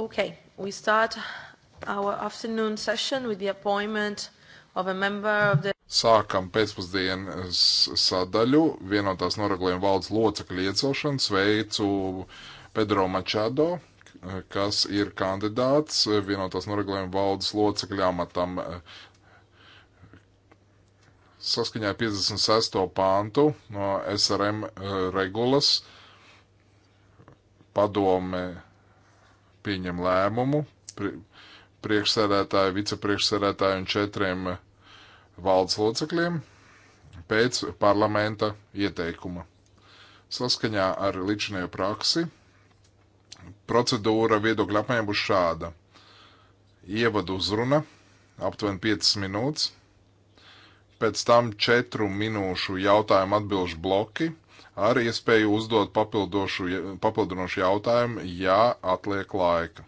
Okay, we start our afternoon session with the appointment of a member of the Sākam pēcpusdienas sadaļu vienotās noraglējuma valdes locekļu iecelšanu. Sveicu Pedro Mačado, kas ir kandidāts vienotās noraglējuma valdes locekļu amatam saskaņā 56. pāntu no SRM regulas padome pieņem lēmumu priekšsēdētāju, vicepriekšsēdētāju un četriem valdes locekļiem pēc parlamenta ieteikuma. Saskaņā ar līdzinējo praksi procedūra viedokļa apmaiņa būs šāda. Ievadu uzruna aptuveni 5 minūtes, pēc tam 4 minūšu jautājumu atbilžu bloki – ar iespēju uzdot papildinošu jautājumu, ja atliek laika.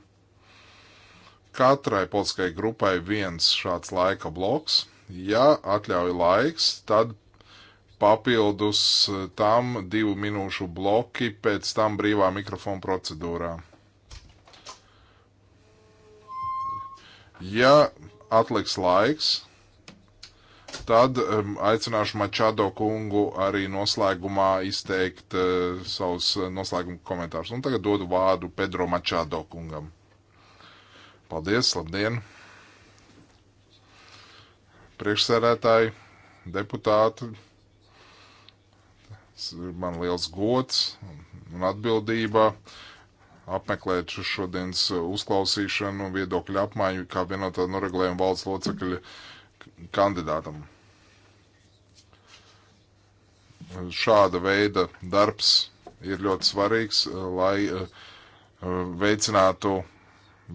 Katrai politiskai grupai viens šāds laika bloks. Ja atļauj laiks, tad papildus eh, tam divu minūšu bloki pēc tam brīvā mikrofona procedūrā. Ja atliks laiks, Tad um, aicināšu Mačado kungu arī noslēgumā izteikt uh, savus eh, noslēguma komentārus. Un tagad dodu vārdu Pedro Mačado kungam. Paldies, labdien! Priekšsēdētāji, deputāti, tas ir man liels gods un atbildība apmeklēt šodienas uzklausīšanu, viedokļu apmaiņu kā vienotā noregulējuma valsts locekļa. Mm kandidātam. Šāda veida darbs ir ļoti svarīgs, eh, lai eh, veicinātu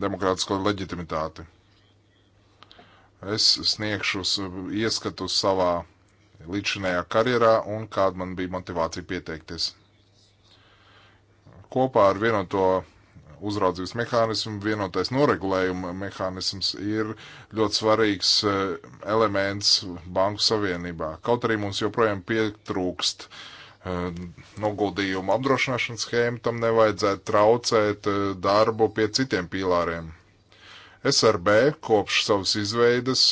demokrātisko leģitimitāti. Es sniegšu ieskatu savā līdzinējā karjerā un kāda man bija motivācija pieteikties. Kopā ar vienoto uzraudzības mehānismu, vienotais noregulējuma mehānisms ir ļoti svarīgs eh, elements Banku Savienībā. Kaut arī mums joprojām pietrūkst eh, noguldījumu apdrošināšanas schēmu, tam nevajadzētu traucēt eh, darbu pie citiem pīlāriem. SRB kopš savas izveidas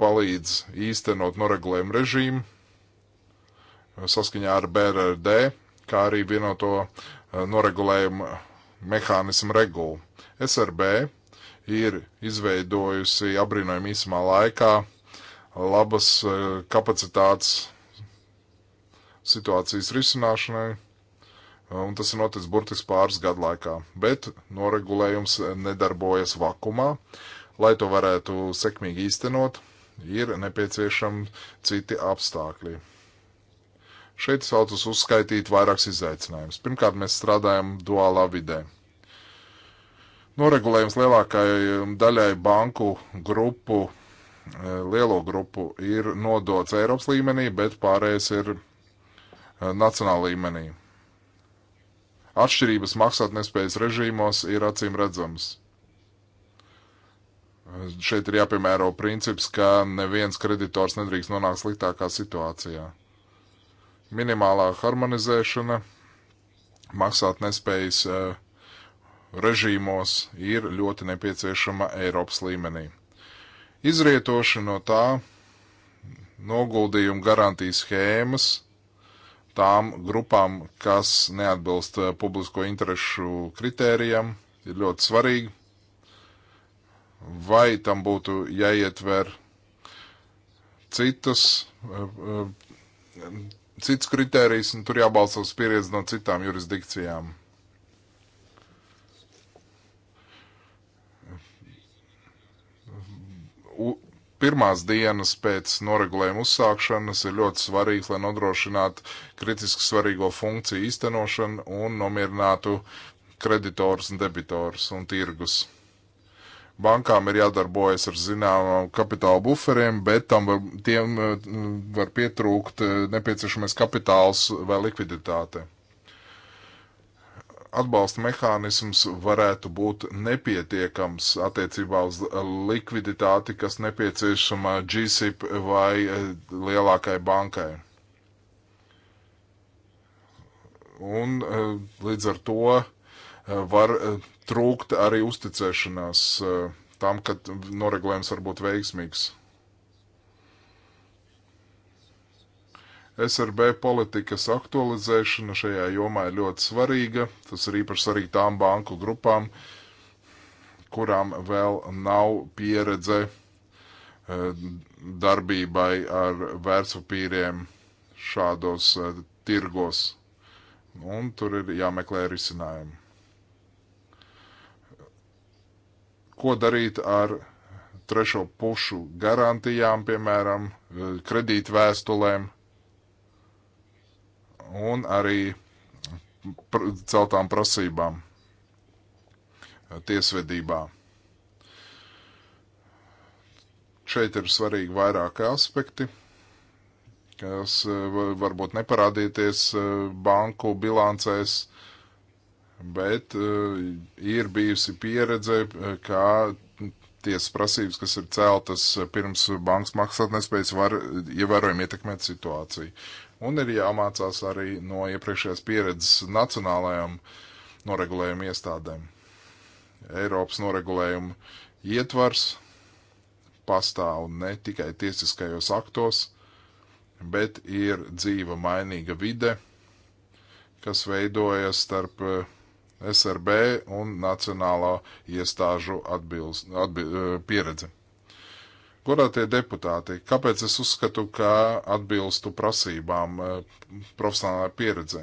palīdz īstenot noregulējumu režīmu saskaņā ar BRD, kā arī vienoto noregulējumu mehānismu regulu. SRB ir izveidojusi apbrīnojami īsumā laikā labas eh, kapacitātes situācijas risināšanai, eh, un tas ir noticis burtiski pāris gadu laikā. Bet noregulējums nedarbojas vakumā. Lai to varētu sekmīgi īstenot, ir nepieciešami citi apstākļi. Šeit saucas uzskaitīt vairākas izaicinājumus. Pirmkārt, mēs strādājam duālā vidē. Noregulējums lielākajai daļai banku grupu, e, lielo grupu, ir nodots Eiropas līmenī, bet pārējais ir e, nacionāla līmenī. Atšķirības maksātnespējas režīmos ir acīm redzamas. E, šeit ir jāpiemēro princips, ka neviens kreditors nedrīkst nonākt sliktākā situācijā minimālā harmonizēšana maksātnespējas eh, režīmos ir ļoti nepieciešama Eiropas līmenī. Izrietoši no tā noguldījuma garantijas schēmas tām grupām, kas neatbilst eh, publisko interesu kritērijam, ir ļoti svarīgi. Vai tam būtu jāietver citas eh, cits kritērijs, un tur jābalso uz pieredzi no citām jurisdikcijām. U pirmās dienas pēc noregulējuma uzsākšanas ir ļoti svarīgs, lai nodrošinātu kritiski svarīgo funkciju īstenošanu un nomierinātu kreditorus un debitorus un tirgus bankām ir jādarbojas ar zināmām kapitāla buferiem, bet tam var, tiem eh, var pietrūkt eh, nepieciešamais kapitāls vai likviditāte. Atbalsta mehānisms varētu būt nepietiekams attiecībā uz likviditāti, kas nepieciešama GSIP vai eh, lielākai bankai. Un līdz ar to var eh, trūkt arī uzticēšanās eh, tam, ka noregulējums var būt veiksmīgs. SRB politikas aktualizēšana šajā jomā ir ļoti svarīga. Tas ir īpaši svarīgi tām banku grupām, kurām vēl nav pieredze eh, darbībai ar vērtspapīriem šādos tirgos. Un tur ir jāmeklē risinājumi. ko darīt ar trešo pušu garantijām, piemēram, eh, kredītvēstulēm un arī pr celtām prasībām eh, tiesvedībā. Šeit ir svarīgi vairāki aspekti, kas eh, varbūt neparādīties banku bilancēs, bet eh, ir bijusi pieredze, eh, kā tiesas prasības, kas ir celtas eh, pirms bankas maksātnespējas, var ievērojami ietekmēt situāciju. Un ir jāmācās arī no iepriekšējās pieredzes nacionālajām noregulējuma iestādēm. Eiropas noregulējuma ietvars pastāv ne tikai tiesiskajos aktos, bet ir dzīva mainīga vide, kas veidojas starp uh, SRB un nacionālā iestāžu atbilst, atbil, eh, pieredze. Godātie deputāti, kāpēc es uzskatu, ka atbilstu prasībām eh, profesionālajā pieredze?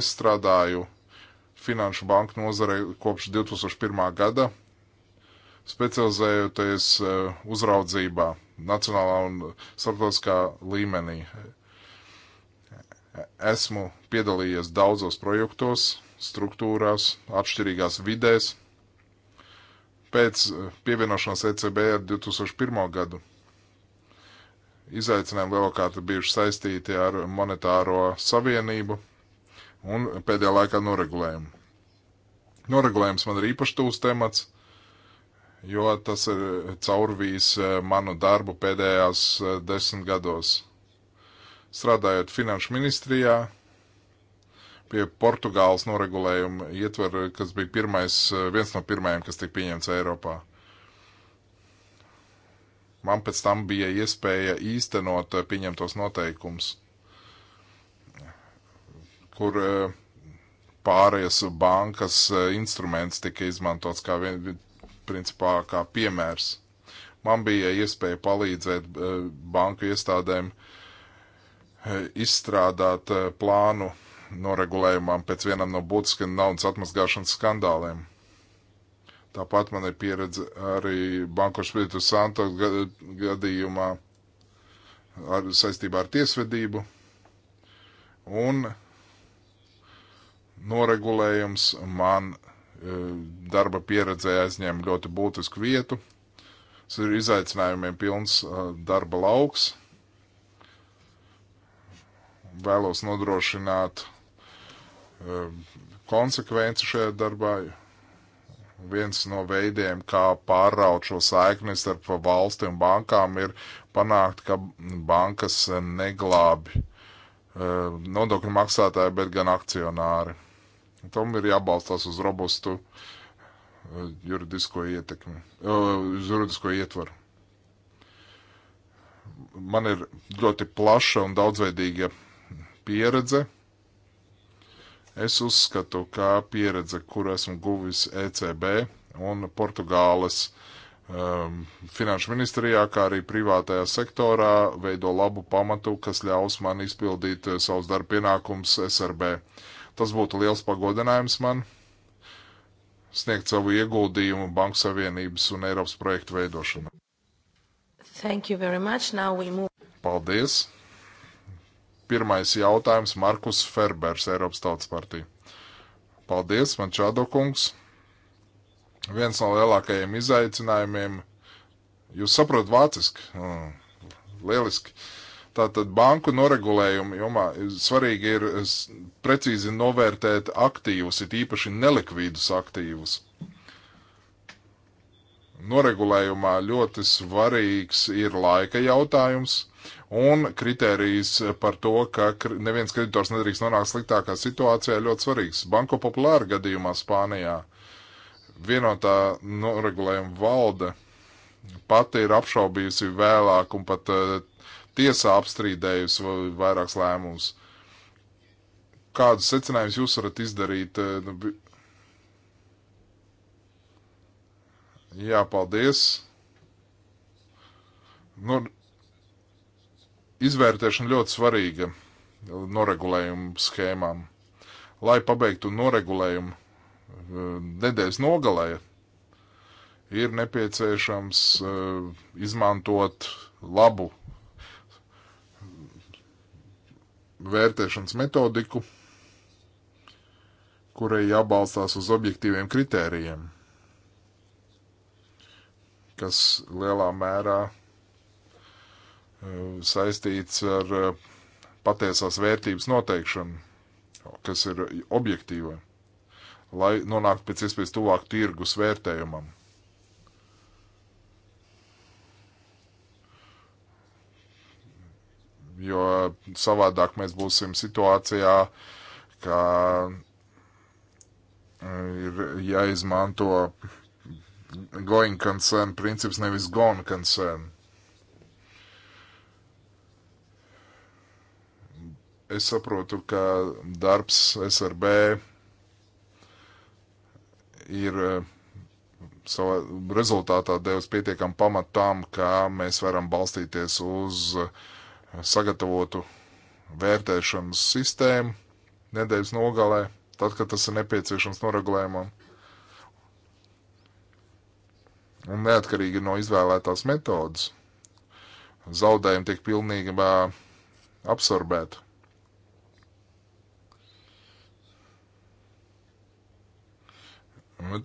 Es strādāju finanšu banku nozare kopš 2001. gada, specializējoties eh, uzraudzībā nacionālā un starptautiskā līmenī. Esmu piedalījies daudzos projektos, struktūrās, atšķirīgās vidēs. Pēc eh, pievienošanās ECB ar 2001. gadu izaicinājumi lielākārt bijuši saistīti ar monetāro savienību un pēdējā laikā noregulējumu. Noregulējums man ir īpaši tūs temats, jo tas ir caurvīs eh, manu darbu pēdējās eh, desmit gados. Strādājot finanšu ministrijā, pie Portugāles noregulējuma ietver, kas bija pirmais, eh, viens no pirmajiem, kas tika pieņemts Eiropā. Man pēc tam bija iespēja īstenot eh, pieņemtos noteikums, kur eh, pārējas bankas instruments tika izmantots kā, vien, principā, kā piemērs. Man bija iespēja palīdzēt banku iestādēm izstrādāt plānu noregulējumam pēc vienam no būtiskiem naudas atmazgāšanas skandāliem. Tāpat man ir pieredze arī Banko Švitu Santo gadījumā ar, saistībā ar tiesvedību un noregulējums man e, darba pieredzē aizņem ļoti būtisku vietu. Tas ir izaicinājumiem pilns e, darba lauks. Vēlos nodrošināt Um, konsekvenci šajā darbā. Viens no veidiem, kā pārraut šo saikni starp valsti un bankām, ir panākt, ka bankas neglābi um, nodokļu maksātāji, bet gan akcionāri. Tam ir jābalstās uz robustu uh, juridisko ietekmi, uh, uz juridisko ietvaru. Man ir ļoti plaša un daudzveidīga pieredze Es uzskatu, ka pieredze, kur esmu guvis ECB un Portugāles um, finanšu ministrijā, kā arī privātajā sektorā, veido labu pamatu, kas ļaus man izpildīt eh, savus darba pienākumus SRB. Tas būtu liels pagodinājums man sniegt savu ieguldījumu Banku Savienības un Eiropas projektu veidošanā. Paldies! Pirmais jautājums - Markus Ferbers, Eiropas Tautas partija. Paldies, man čādo kungs. Viens no lielākajiem izaicinājumiem. Jūs saprotat vāciski? Mm, lieliski. Tātad banku noregulējumu jomā svarīgi ir precīzi novērtēt aktīvus, it īpaši nelikvīdus aktīvus. Noregulējumā ļoti svarīgs ir laika jautājums Un kritērijs par to, ka neviens kreditors nedrīkst nonākt sliktākā situācijā, ļoti svarīgs. Banko populāra gadījumā Spānijā vienotā noregulējuma valde pati ir apšaubījusi vēlāk un pat uh, tiesā apstrīdējusi vairākus lēmumus. Kādus secinājumus jūs varat izdarīt? Eh, nu, Jā, paldies. Nu, Izvērtēšana ļoti svarīga noregulējumu schēmām. Lai pabeigtu noregulējumu e, nedēļas nogalē, ir nepieciešams e, izmantot labu vērtēšanas metodiku, kurai jābalstās uz objektīviem kritērijiem, kas lielā mērā Eh, saistīts ar eh, patiesās vērtības noteikšanu, kas ir objektīva, lai nonāktu pēc iespējas tuvāk tirgus vērtējumam. Jo savādāk mēs būsim situācijā, ka eh, ir jāizmanto going concern princips, nevis gone concern. Es saprotu, ka darbs SRB ir eh, savā rezultātā devis pietiekam pamatu tam, ka mēs varam balstīties uz sagatavotu vērtēšanas sistēmu nedēļas nogalē, tad, kad tas ir nepieciešams noregulējumam. Un neatkarīgi no izvēlētās metodas, zaudējumi tiek pilnībā absorbēti.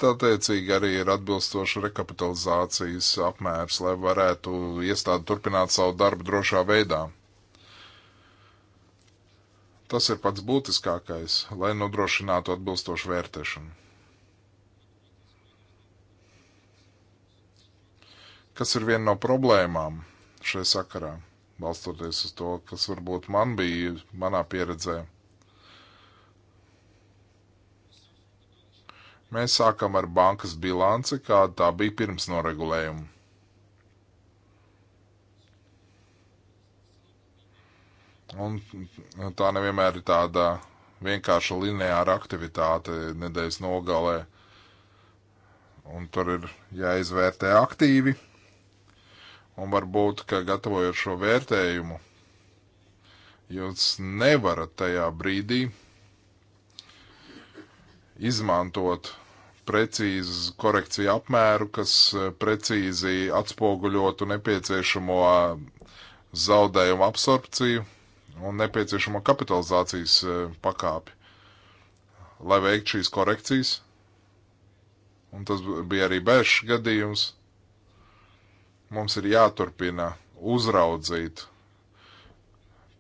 Tātiecīgi arī ir atbilstoša rekapitalizācijas apmērs, lai varētu iestādi turpināt savu darbu drošā veidā. Tas ir pats būtiskākais, lai nodrošinātu atbilstošu vērtēšanu. Kas ir viena no problēmām šai sakarā, balstoties uz to, kas varbūt man bija manā pieredzē? Mēs sākam ar bankas bilanci, kāda tā bija pirms noregulējuma. Un tā nevienmēr ir tāda vienkārša lineāra aktivitāte nedēļas nogalē. Un tur ir jāizvērtē aktīvi. Un varbūt, ka gatavojot šo vērtējumu, jūs nevarat tajā brīdī izmantot precīzu korekciju apmēru, kas eh, precīzi atspoguļotu nepieciešamo zaudējumu absorpciju un nepieciešamo kapitalizācijas eh, pakāpi, lai veiktu šīs korekcijas. Un tas bija arī bērns gadījums. Mums ir jāturpina uzraudzīt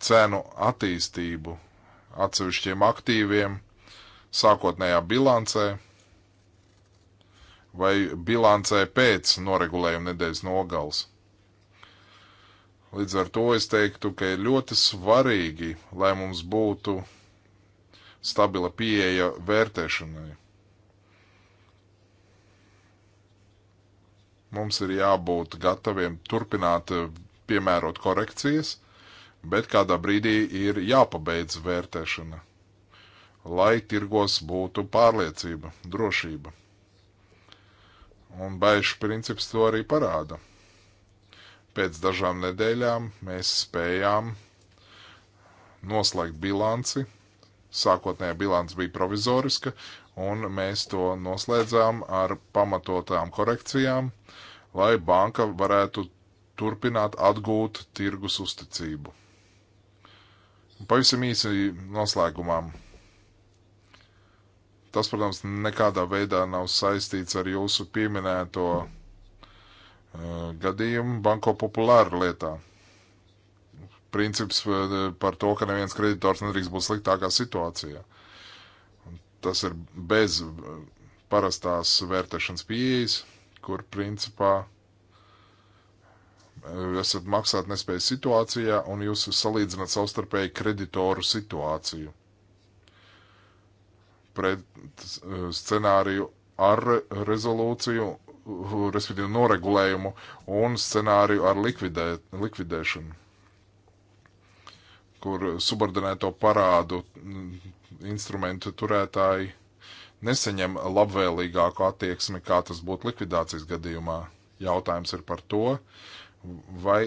cenu attīstību atsevišķiem aktīviem sākotnējā bilancē vai bilancē pēc noregulējuma nedēļas nogals. Līdz ar to es teiktu, ka ir ļoti svarīgi, lai mums būtu stabila pieeja vērtēšanai. Mums ir jābūt gataviem turpināt piemērot korekcijas, bet kādā brīdī ir jāpabeidz vērtēšana, lai tirgos būtu pārliecība, drošība. Un baišu princips to arī parāda. Pēc dažām nedēļām mēs spējām noslēgt bilanci. Sākotnējā bilance bija provizoriska, un mēs to noslēdzām ar pamatotām korekcijām, lai banka varētu turpināt atgūt tirgus uzticību. Pavisam īsi noslēgumam Tas, protams, nekādā veidā nav saistīts ar jūsu pieminēto uh, gadījumu banko populāru lietā. Princips uh, par to, ka neviens kreditors nedrīkst būt sliktākā situācijā. Tas ir bez uh, parastās vērtēšanas pieejas, kur principā uh, esat maksāt nespējas situācijā un jūs salīdzināt savstarpēji kreditoru situāciju pret eh, scenāriju ar rezolūciju, respektīvi noregulējumu un scenāriju ar likvidē, likvidēšanu, kur subordinēto parādu mm, instrumentu turētāji neseņem labvēlīgāku attieksmi, kā tas būtu likvidācijas gadījumā. Jautājums ir par to, vai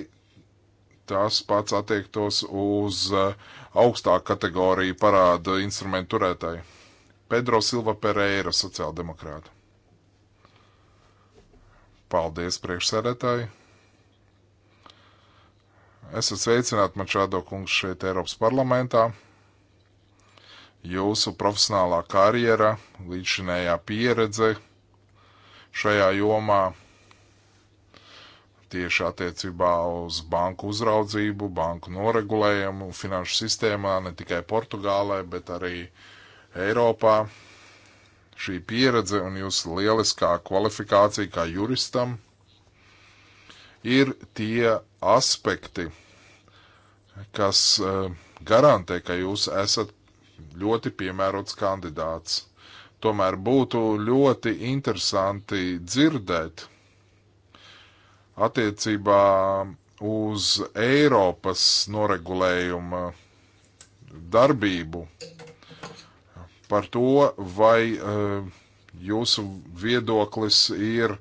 tas pats attiektos uz eh, augstāku kategoriju parāda instrumentu turētāju. Pedro Silva Pereira, sociāldemokrāta. Paldies, priekšsēdētāji! Esat sveicināti Mačādo kungs šeit Eiropas parlamentā. Jūsu profesionālā karjera, līdzinējā pieredze šajā jomā tieši attiecībā uz banku uzraudzību, banku noregulējumu, finanšu sistēmā ne tikai Portugālē, bet arī uh, Eiropā. Šī pieredze un jūsu lieliskā kvalifikācija kā juristam ir tie aspekti, kas eh, garantē, ka jūs esat ļoti piemērots kandidāts. Tomēr būtu ļoti interesanti dzirdēt attiecībā uz Eiropas noregulējuma darbību par to, vai eh, jūsu viedoklis ir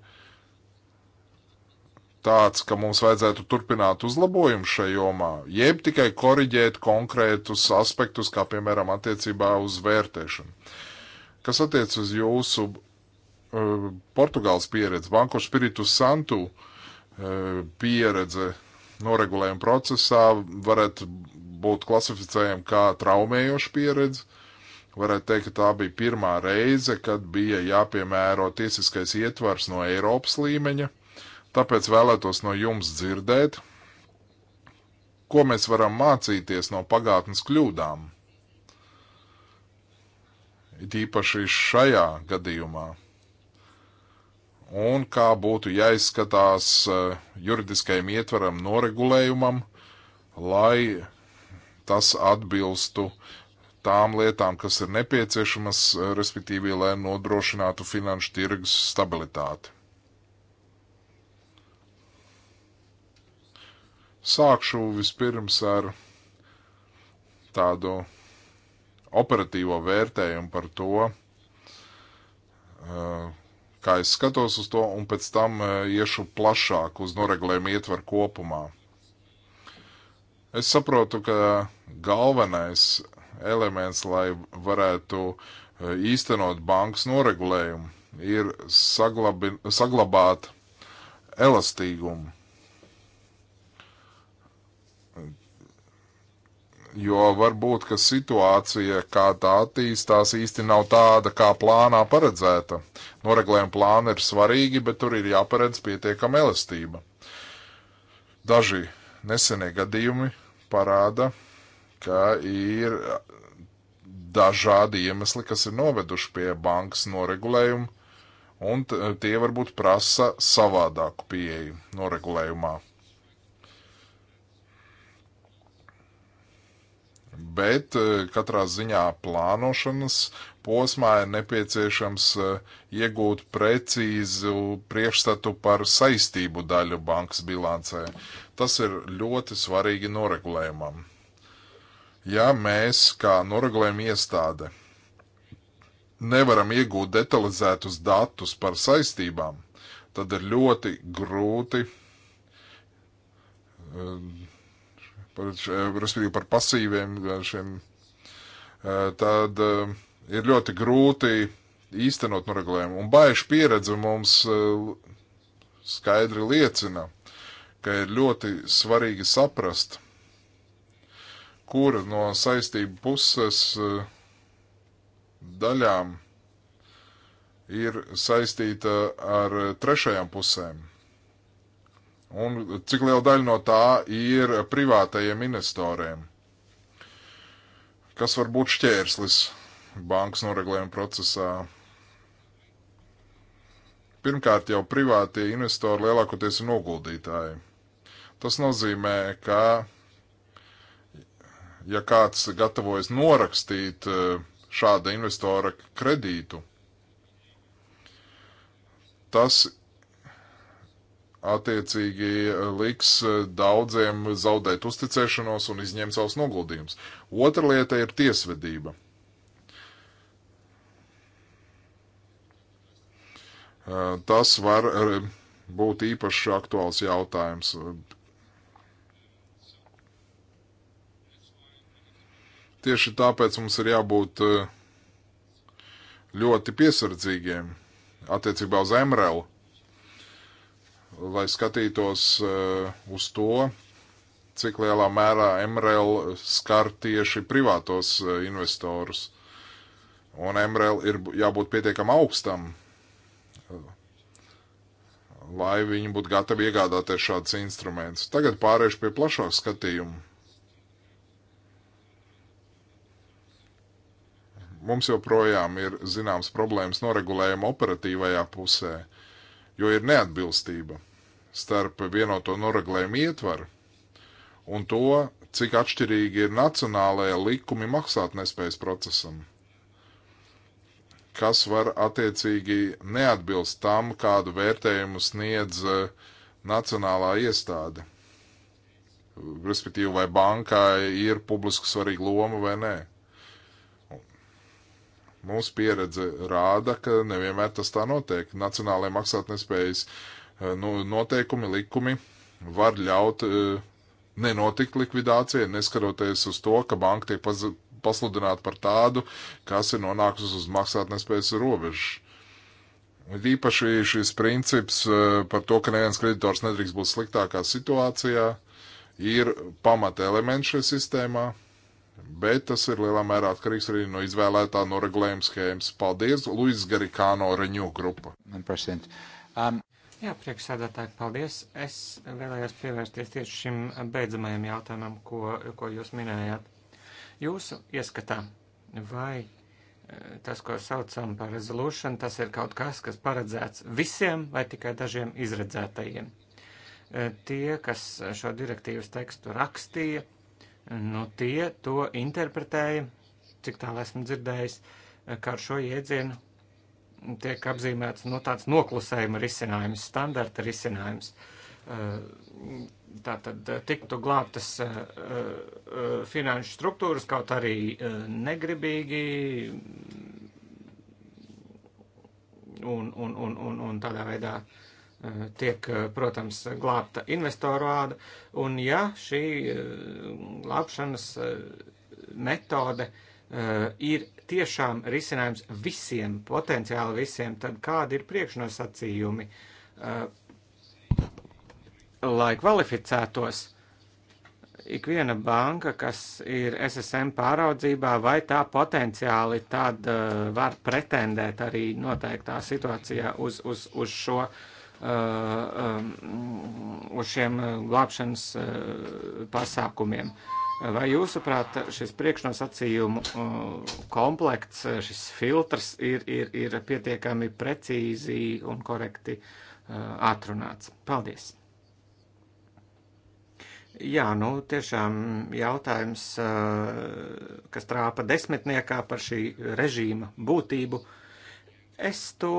tāds, ka mums vajadzētu turpināt uzlabojumu šajā jomā, jeb tikai koriģēt konkrētus aspektus, kā piemēram attiecībā uz vērtēšanu. Kas attiec uz jūsu uh, Portugāles pieredzi, Banko Spiritu Santu uh, pieredze noregulējuma procesā varētu būt klasificējama kā traumējoša pieredze, Varētu teikt, ka tā bija pirmā reize, kad bija jāpiemēro tiesiskais ietvars no Eiropas līmeņa. Tāpēc vēlētos no jums dzirdēt, ko mēs varam mācīties no pagātnes kļūdām. It īpaši šajā gadījumā. Un kā būtu jāizskatās eh, juridiskajam ietvaram, noregulējumam, lai tas atbilstu uh, tām lietām, kas ir nepieciešamas, eh, respektīvi, lai nodrošinātu finanšu tirgus stabilitāti. Sākšu vispirms ar tādu operatīvo vērtējumu par to, eh, kā es skatos uz to, un pēc tam eh, iešu plašāk uz noregulējumu ietvaru kopumā. Es saprotu, ka galvenais elements, lai varētu eh, īstenot bankas noregulējumu, ir saglabi, saglabāt elastīgumu. Jo var būt, ka situācija, kā tā attīstās, īsti nav tāda, kā plānā paredzēta. Noreglējuma plāni ir svarīgi, bet tur ir jāparedz pietiekama elastība. Daži nesenie gadījumi parāda, ka ir dažādi iemesli, kas ir noveduši pie bankas noregulējuma, un tie varbūt prasa savādāku pieeju noregulējumā. Bet e, katrā ziņā plānošanas posmā ir nepieciešams e, iegūt precīzu priekšstatu par saistību daļu bankas bilancē. Tas ir ļoti svarīgi noregulējumam ja mēs, kā noregulējuma iestāde, nevaram iegūt detalizētus datus par saistībām, tad ir ļoti grūti eh, par, respektīvi par pasīviem, šiem, eh, tad eh, ir ļoti grūti īstenot noregulējumu. Un baiša pieredze mums skaidri liecina, ka ir ļoti svarīgi saprast, kura no saistību puses eh, daļām ir saistīta ar trešajām pusēm. Un cik liela daļa no tā ir privātajiem investoriem? Kas var būt šķērslis bankas noregulējuma procesā? Pirmkārt, jau privātie investori lielākoties ir noguldītāji. Tas nozīmē, ka ja kāds gatavojas norakstīt eh, šāda investora kredītu, tas attiecīgi eh, liks eh, daudziem zaudēt uzticēšanos un izņemt savus noguldījumus. Otra lieta ir tiesvedība. Tas var būt īpaši aktuāls jautājums. Tieši tāpēc mums ir jābūt eh, ļoti piesardzīgiem attiecībā uz MRL, lai skatītos eh, uz to, cik lielā mērā MRL skar tieši privātos eh, investorus. Un MRL ir jābūt pietiekam augstam, lai viņi būtu gatavi iegādāties šādus instrumentus. Tagad pāriešu pie plašāka skatījuma mums joprojām ir zināms problēmas noregulējuma operatīvajā pusē, jo ir neatbilstība starp vienoto noregulējumu ietvaru un to, cik atšķirīgi ir nacionālajie likumi maksātnespējas procesam, kas var attiecīgi neatbilst tam, kādu vērtējumu sniedz eh, nacionālā iestāde. Respektīvi, vai bankai ir publiski svarīga loma vai nē. Mūsu pieredze rāda, ka nevienmēr tas tā notiek. Nacionālajie maksātnespējas eh, nu, noteikumi, likumi var ļaut eh, nenotikt likvidācijai, neskaroties uz to, ka banka tiek pasludināta par tādu, kas ir nonākusi uz maksātnespējas robežas. Ir īpaši šis princips eh, par to, ka neviens kreditors nedrīkst būt sliktākā situācijā, ir pamata elements šajā sistēmā bet tas ir lielā mērā atkarīgs arī no izvēlētā noregulējuma schēmas. Paldies, Luis Garikāno Reņu grupa. Um. Jā, priekšsēdētāji, paldies. Es vēlējos pievērsties tieši šim beidzamajam jautājumam, ko, ko jūs minējāt. Jūsu ieskatā, vai eh, tas, ko saucam par resolution, tas ir kaut kas, kas paredzēts visiem vai tikai dažiem izredzētajiem? Eh, tie, kas šo direktīvas tekstu rakstīja, nu, tie to interpretēja, cik tālu esmu dzirdējis, kā ar šo jēdzienu tiek apzīmēts nu, tāds noklusējuma risinājums, standarta risinājums. Eh, tātad eh, tiktu glābtas eh, finanšu struktūras, kaut arī negribīgi un, un, un, un, un tādā veidā uh, Eh, tiek, eh, protams, glābta investoru āda, un ja šī eh, glābšanas metode ir tiešām risinājums visiem, potenciāli visiem, tad kādi ir priekšnosacījumi, lai kvalificētos ikviena banka, kas ir SSM pāraudzībā, vai tā potenciāli tad var pretendēt arī noteiktā situācijā uz, uz, uz šo uh, Uh, uh, uz šiem glābšanas uh, pasākumiem. Vai jūsuprāt, šis priekšnosacījumu komplekts, šis filtrs ir, ir, ir pietiekami precīzi un korekti atrunāts? Paldies! Jā, nu tiešām jautājums, kas trāpa desmitniekā par šī režīma būtību. Es to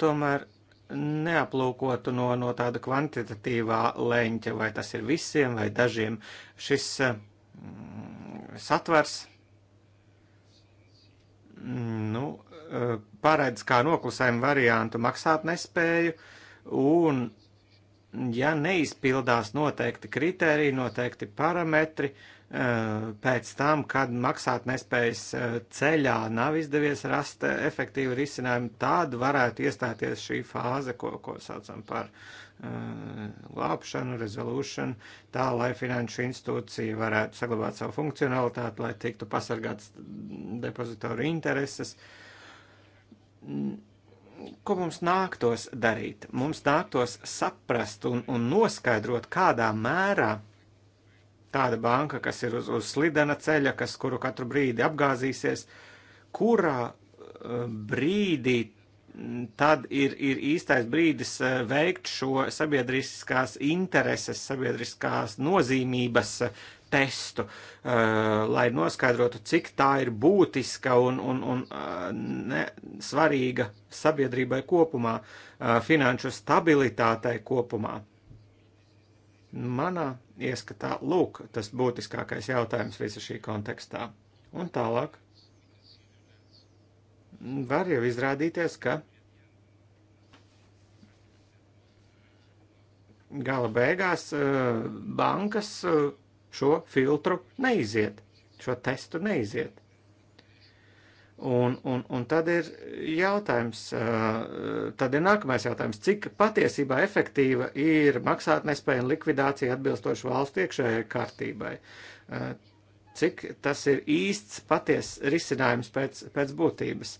tomēr neaplūkotu no, no tāda kvantitatīvā leņķa, vai tas ir visiem vai dažiem. Šis mm, satvers mm, nu, eh, paredz kā noklusējumu variantu maksāt nespēju, un ja neizpildās noteikti kriteriji, noteikti parametri, uh, Eh, pēc tam, kad maksātnespējas eh, ceļā nav izdevies rast eh, efektīvu risinājumu, tad varētu iestāties šī fāze, ko, ko saucam par uh, glābšanu, rezolūšanu, tā, lai finanšu institūcija varētu saglabāt savu funkcionalitāti, lai tiktu pasargāts mm, depozitoru intereses. Mm, ko mums nāktos darīt? Mums nāktos saprast un, un noskaidrot, kādā mērā uh, Tāda banka, kas ir uz, uz slidena ceļa, kas kuru katru brīdi apgāzīsies, kurā eh, brīdī mm, tad ir, ir īstais brīdis eh, veikt šo sabiedriskās intereses, sabiedriskās nozīmības eh, testu, lai noskaidrotu, cik tā ir būtiska un, un, un ne, svarīga sabiedrībai kopumā, finanšu stabilitātei kopumā. Manā ieskatā, lūk, tas būtiskākais jautājums visa šī kontekstā. Un tālāk var jau izrādīties, ka gala beigās eh, bankas eh, šo filtru neiziet, šo testu neiziet. Un, un, un tad ir jautājums, eh, tad ir nākamais jautājums, cik patiesībā efektīva ir maksātnespēja un likvidācija atbilstoši valstu iekšējai kārtībai. Eh, cik tas ir īsts paties risinājums pēc, pēc būtības?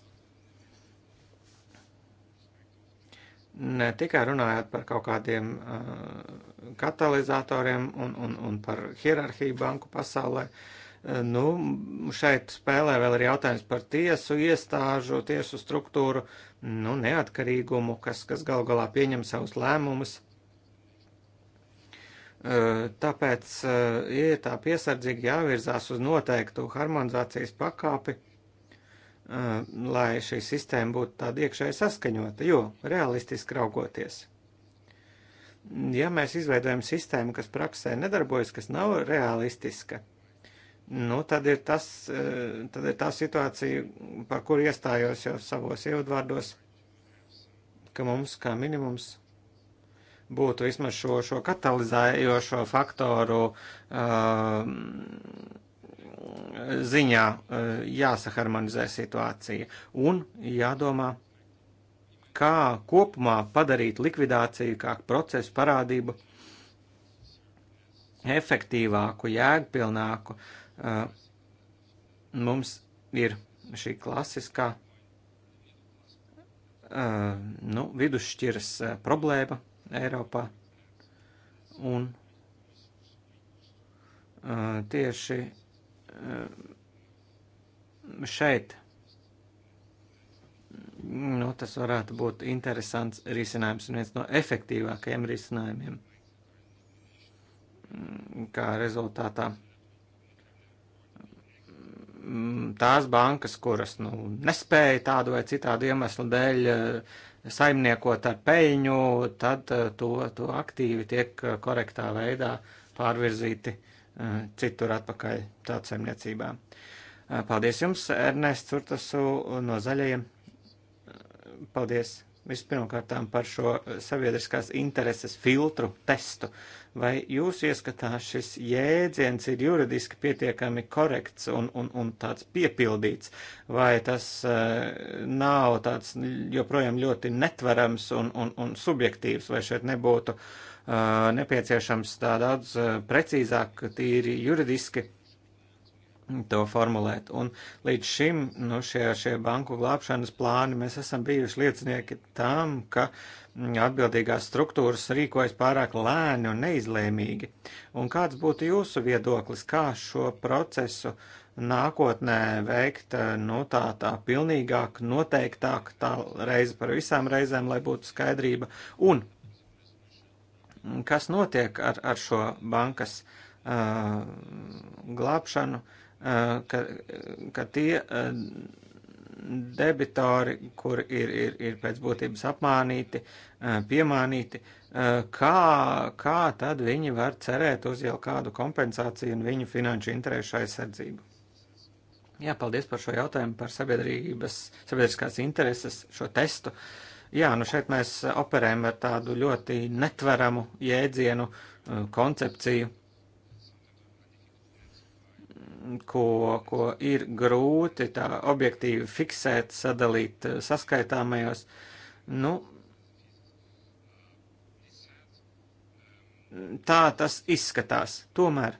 Ne tikai runājot par kaut kādiem eh, katalizatoriem un, un, un par hierarhiju banku pasaulē. Uh, Eh, nu, šeit spēlē vēl ir jautājums par tiesu iestāžu, tiesu struktūru, nu, neatkarīgumu, kas, kas gal galā pieņem savus lēmumus. Eh, tāpēc eh, ir tā piesardzīgi jāvirzās uz noteiktu harmonizācijas pakāpi, lai šī sistēma būtu tāda iekšēji saskaņota, jo realistiski raugoties ja mēs izveidojam sistēmu, kas praksē nedarbojas, kas nav realistiska, nu, tad, ir tas, e, tad ir tā situācija, par kur iestājos jau savos ievadvārdos, ka mums kā minimums būtu vismaz šo, šo katalizējošo faktoru uh, ziņā uh, jāsaharmonizē situācija un jādomā, kā kopumā padarīt likvidāciju kā procesu parādību efektīvāku, jēgpilnāku, uh, Uh, mums ir šī klasiskā uh, nu, vidusšķiras uh, problēma Eiropā. Un tieši šeit nu, tas varētu būt interesants risinājums un viens no efektīvākajiem risinājumiem, mm, kā rezultātā Mm, tās bankas, kuras nu, nespēja tādu vai citādu iemeslu dēļ eh, saimniekot ar peļņu, tad eh, to, to aktīvi tiek eh, korektā veidā pārvirzīti citur atpakaļ tādām saimniecībām. Paldies jums, Ernests Curtasu no Zaļajiem. Paldies vispirmkārtām par šo sabiedriskās intereses filtru testu. Vai jūs ieskatā šis jēdziens ir juridiski pietiekami korekts un, un, un tāds piepildīts, vai tas uh, nav tāds joprojām ļoti netverams un, un, un subjektīvs, vai šeit nebūtu uh, nepieciešams tā daudz uh, precīzāk, tīri juridiski to formulēt. Un līdz šim nu, šie, šie banku glābšanas plāni mēs esam bijuši liecinieki tam, ka mm, atbildīgās struktūras rīkojas pārāk lēni un neizlēmīgi. Un kāds būtu jūsu viedoklis, kā šo procesu nākotnē veikt nu, tā, tā pilnīgāk, noteiktāk, tā reize par visām reizēm, lai būtu skaidrība? Un kas notiek ar, ar šo bankas uh, glābšanu? Uh, Eh, ka, ka tie eh, debitori, kur ir, ir, ir pēc būtības apmānīti, eh, piemānīti, kā, kā tad viņi var cerēt uz jau kādu kompensāciju un viņu finanšu interesu aizsardzību? Jā, paldies par šo jautājumu par sabiedrības, sabiedriskās intereses, šo testu. Jā, nu šeit mēs operējam ar tādu ļoti netveramu jēdzienu, koncepciju ko, ko ir grūti tā objektīvi fiksēt, sadalīt eh, saskaitāmajos. Nu, tā tas izskatās. Tomēr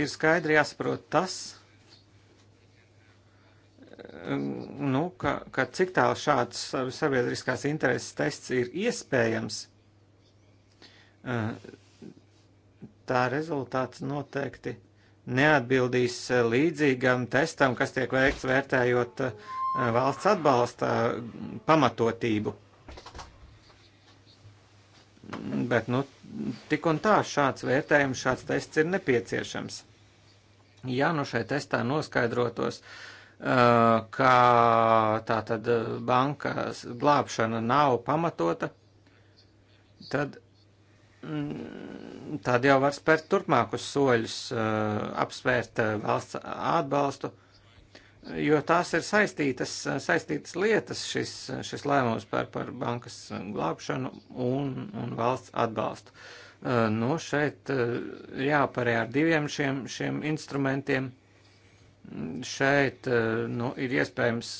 ir skaidri jāsaprot tas, eh, nu, ka, ka cik tālu šāds sabiedriskās intereses tests ir iespējams eh, tā rezultāts noteikti neatbildīs eh, līdzīgam testam, kas tiek veikts vērtējot eh, valsts atbalsta mm, pamatotību. Bet, nu, tik un tā šāds vērtējums, šāds tests ir nepieciešams. Ja nu šai testā noskaidrotos, eh, ka tā tad bankas glābšana nav pamatota, tad Mm, tad jau var spērt turpmākus soļus, uh, apsvērt uh, valsts atbalstu, jo tās ir saistītas, uh, saistītas lietas, šis, šis lēmums par, par bankas glābšanu un, un valsts atbalstu. Nu, šeit jāparē ar diviem šiem, šiem instrumentiem. Šeit nu, ir iespējams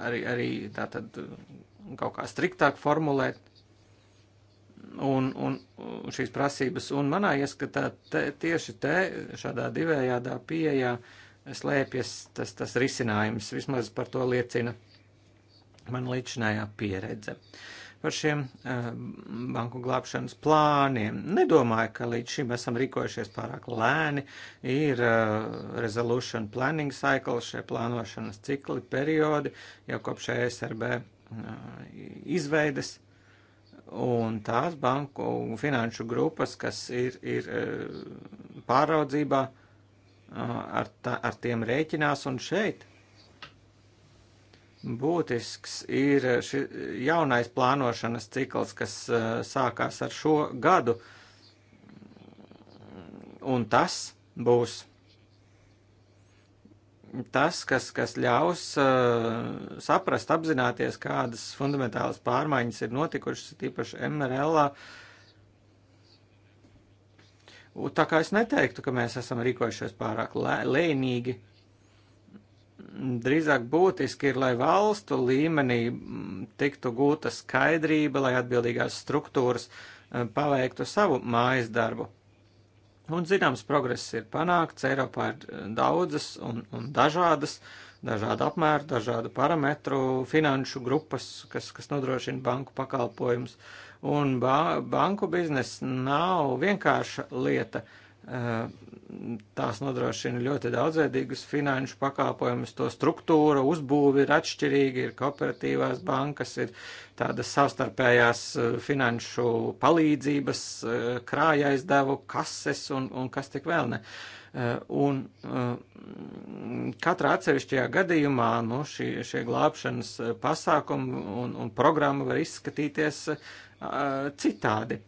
arī, arī tātad kaut kā striktāk formulēt un, un, un šīs prasības. Un manā ieskatā te, tieši te, šādā divējādā pieejā, slēpjas tas, tas risinājums. Vismaz par to liecina man līdzinājā pieredze. Par šiem uh, banku glābšanas plāniem. Nedomāju, ka līdz šim esam rīkojušies pārāk lēni. Ir uh, resolution planning cycle, šie plānošanas cikli, periodi jau kopš ESRB uh, eh, izveides. Uh, Un tās banku finanšu grupas, kas ir, ir eh, pāraudzībā, eh, ar, tā, ar tiem rēķinās un šeit. Būtisks ir šis jaunais plānošanas cikls, kas eh, sākās ar šo gadu, un tas būs tas, kas, kas ļaus uh, saprast, apzināties, kādas fundamentālas pārmaiņas ir notikušas, tīpaši MRL. Tā kā es neteiktu, ka mēs esam rīkojušies pārāk lē, lēnīgi. Drīzāk būtiski ir, lai valstu līmenī mm, tiktu gūta skaidrība, lai atbildīgās struktūras eh, paveiktu savu mājas darbu Un zināms, progress ir panākts. Eiropā ir eh, daudzas un, un dažādas, dažāda apmēra, dažādu parametru, finanšu grupas, kas, kas nodrošina banku pakalpojumus. Un ba banku bizness nav vienkārša lieta. Uh, Eh, tās nodrošina ļoti daudzveidīgus finanšu pakāpojumus, to struktūra, uzbūvi ir atšķirīgi, ir kooperatīvās bankas, ir tādas savstarpējās eh, finanšu palīdzības, eh, krājaizdevu, kases un, un kas tik vēl ne. Un katrā atsevišķajā gadījumā nu, šie, šie glābšanas pasākumi un, un programma var izskatīties citādi.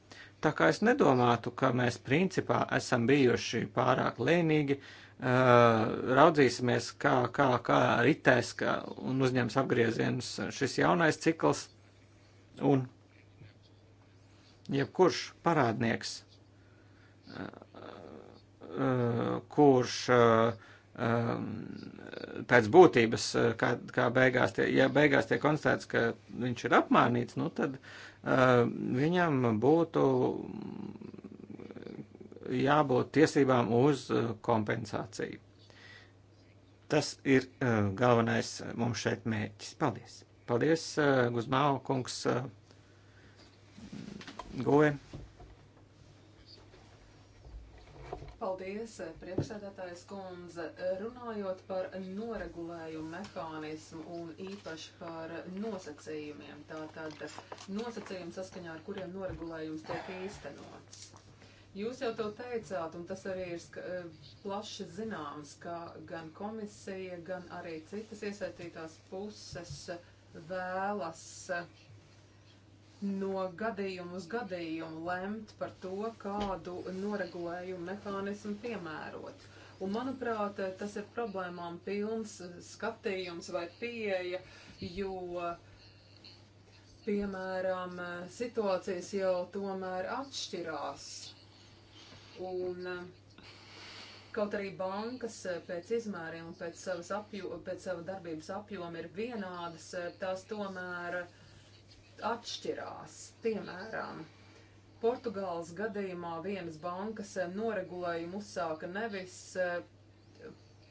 Tā kā es nedomātu, ka mēs principā esam bijuši pārāk lēnīgi, eh, raudzīsimies, kā, kā, kā ritēs kā, un uzņems apgriezienus šis jaunais cikls. Un jebkurš parādnieks, eh, eh, kurš pēc būtības, kā, kā beigās, tie, ja beigās tiek konstatēts, ka viņš ir apmānīts, nu tad Eh, viņam būtu jābūt tiesībām uz eh, kompensāciju. Tas ir eh, galvenais mums šeit mērķis. Paldies! Paldies, Guzmāo kungs! Goe! Paldies, eh, priekšsēdētājs kundze. Runājot par noregulējumu mehānismu un īpaši par nosacījumiem, tātad nosacījumi saskaņā ar kuriem noregulējums tiek īstenots. Jūs jau to teicāt, un tas arī ir eh, plaši zināms, ka gan komisija, gan arī citas iesaistītās puses eh, vēlas uh, no gadījuma uz gadījumu lemt par to, kādu noregulējumu mehānismu piemērot. Un, manuprāt, tas ir problēmām pilns skatījums vai pieeja, jo, piemēram, situācijas jau tomēr atšķirās. Un, Kaut arī bankas pēc izmēriem un pēc, savas apjo, pēc sava darbības apjoma ir vienādas, tās tomēr uh, atšķirās. Piemēram, Portugāles gadījumā vienas bankas noregulējumu uzsāka nevis eh,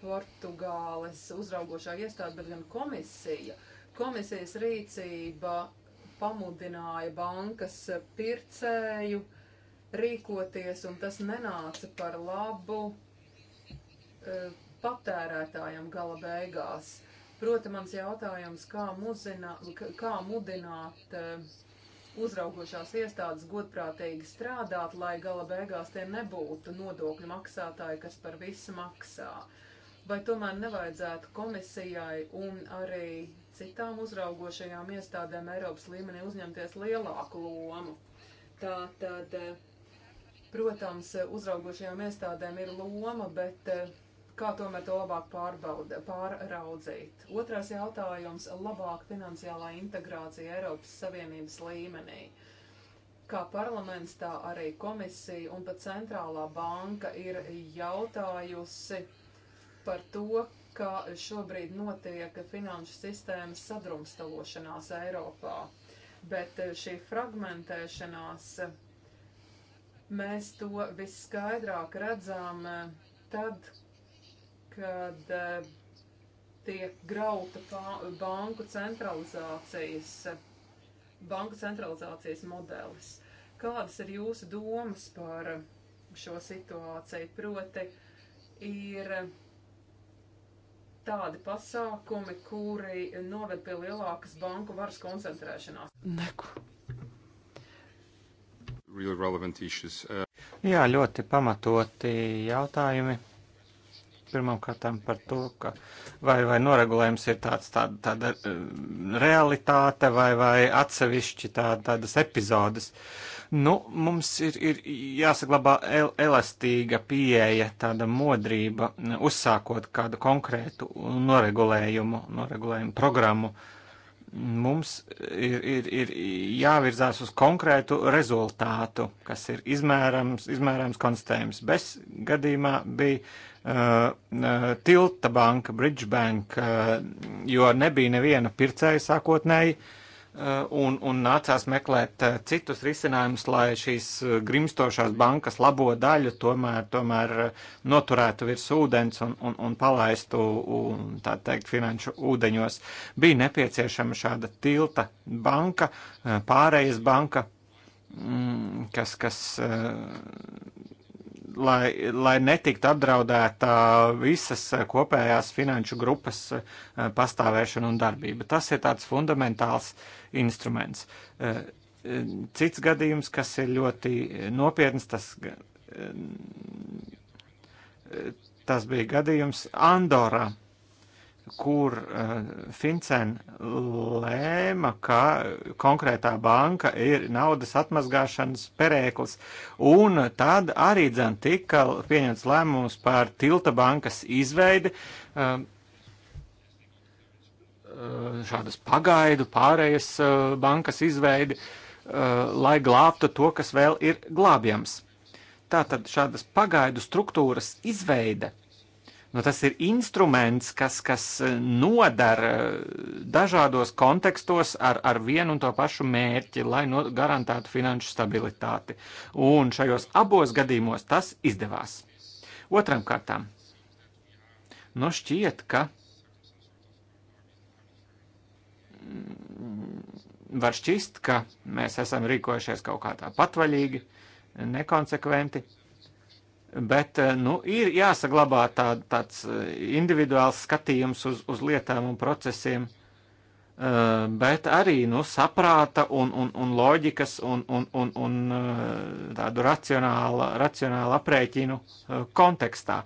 Portugāles uzraugošā iestāde, bet gan komisija. Komisijas rīcība pamudināja bankas pircēju rīkoties, un tas nenāca par labu eh, patērētājiem gala beigās. Uh, Protams, jautājums, kā, muzinā, kā mudināt eh, uzraugošās iestādes godprātīgi strādāt, lai gala beigās tie nebūtu nodokļu maksātāji, kas par visu maksā. Vai tomēr nevajadzētu komisijai un arī citām uzraugošajām iestādēm Eiropas līmenī uzņemties lielāku lomu? Tā tad, eh, protams, uzraugošajām iestādēm ir loma, bet eh, kā tomēr to labāk pārbauda, pārraudzīt. Otrais jautājums - labāk finansiālā integrācija Eiropas Savienības līmenī. Kā parlaments, tā arī komisija un pat centrālā banka ir jautājusi par to, ka šobrīd notiek finanšu sistēmas sadrumstalošanās Eiropā. Bet eh, šī fragmentēšanās, mēs to visskaidrāk redzam eh, tad, kad e, tiek grauta banku centralizācijas, banku centralizācijas modelis. Kādas ir jūsu domas par šo situāciju? Proti, ir tādi pasākumi, kuri noved pie lielākas banku varas koncentrēšanās. Neku. Really uh... Jā, ļoti pamatoti jautājumi. Pirmkārt, par to, ka vai, vai noregulējums ir tāds, tāda, tāda eh, realitāte vai, vai atsevišķi tā, tādas epizodes. Nu, mums ir, ir jāsaglabā el, elastīga pieeja, tāda modrība, uzsākot kādu konkrētu noregulējumu, noregulējumu programmu. Mums ir, ir, ir jāvirzās uz konkrētu rezultātu, kas ir izmērams, izmērams konstatējums. Bez gadījumā bija Uh, uh, tilta banka, Bridge Bank, uh, jo nebija neviena pircēja sākotnēji. Un, un nācās meklēt citus risinājumus, lai šīs grimstošās bankas labo daļu tomēr, tomēr noturētu virs ūdens un, un, un palaistu, un, tā teikt, finanšu ūdeņos. Bija nepieciešama šāda tilta banka, pārējas banka, mm, kas, kas lai, lai netiktu apdraudēta visas kopējās finanšu grupas eh, pastāvēšana un darbība. Tas ir tāds fundamentāls instruments. Eh, eh, cits gadījums, kas ir ļoti nopietns, tas, tas bija gadījums Andorā kur uh, Fincen lēma, ka konkrētā banka ir naudas atmazgāšanas perēklis, un tad arī dzen tika pieņemts lēmums par tilta bankas izveidi, uh, šādas pagaidu pārējas uh, bankas izveidi, uh, lai glābtu to, kas vēl ir glābjams. Tātad šādas pagaidu struktūras izveide Nu, tas ir instruments, kas, kas eh, nodara eh, dažādos kontekstos ar, ar vienu un to pašu mērķi, lai no, garantētu finanšu stabilitāti. Un šajos abos gadījumos tas izdevās. Otram kārtām, nu šķiet, ka mm, var šķist, ka mēs esam rīkojušies kaut kā tā patvaļīgi, nekonsekventi Bet eh, nu, ir jāsaglabā tā, tāds eh, individuāls skatījums uz, uz lietām un procesiem, eh, bet arī nu, saprāta un, un, un loģikas un, un, un, un tādu racionālu, racionālu aprēķinu kontekstā.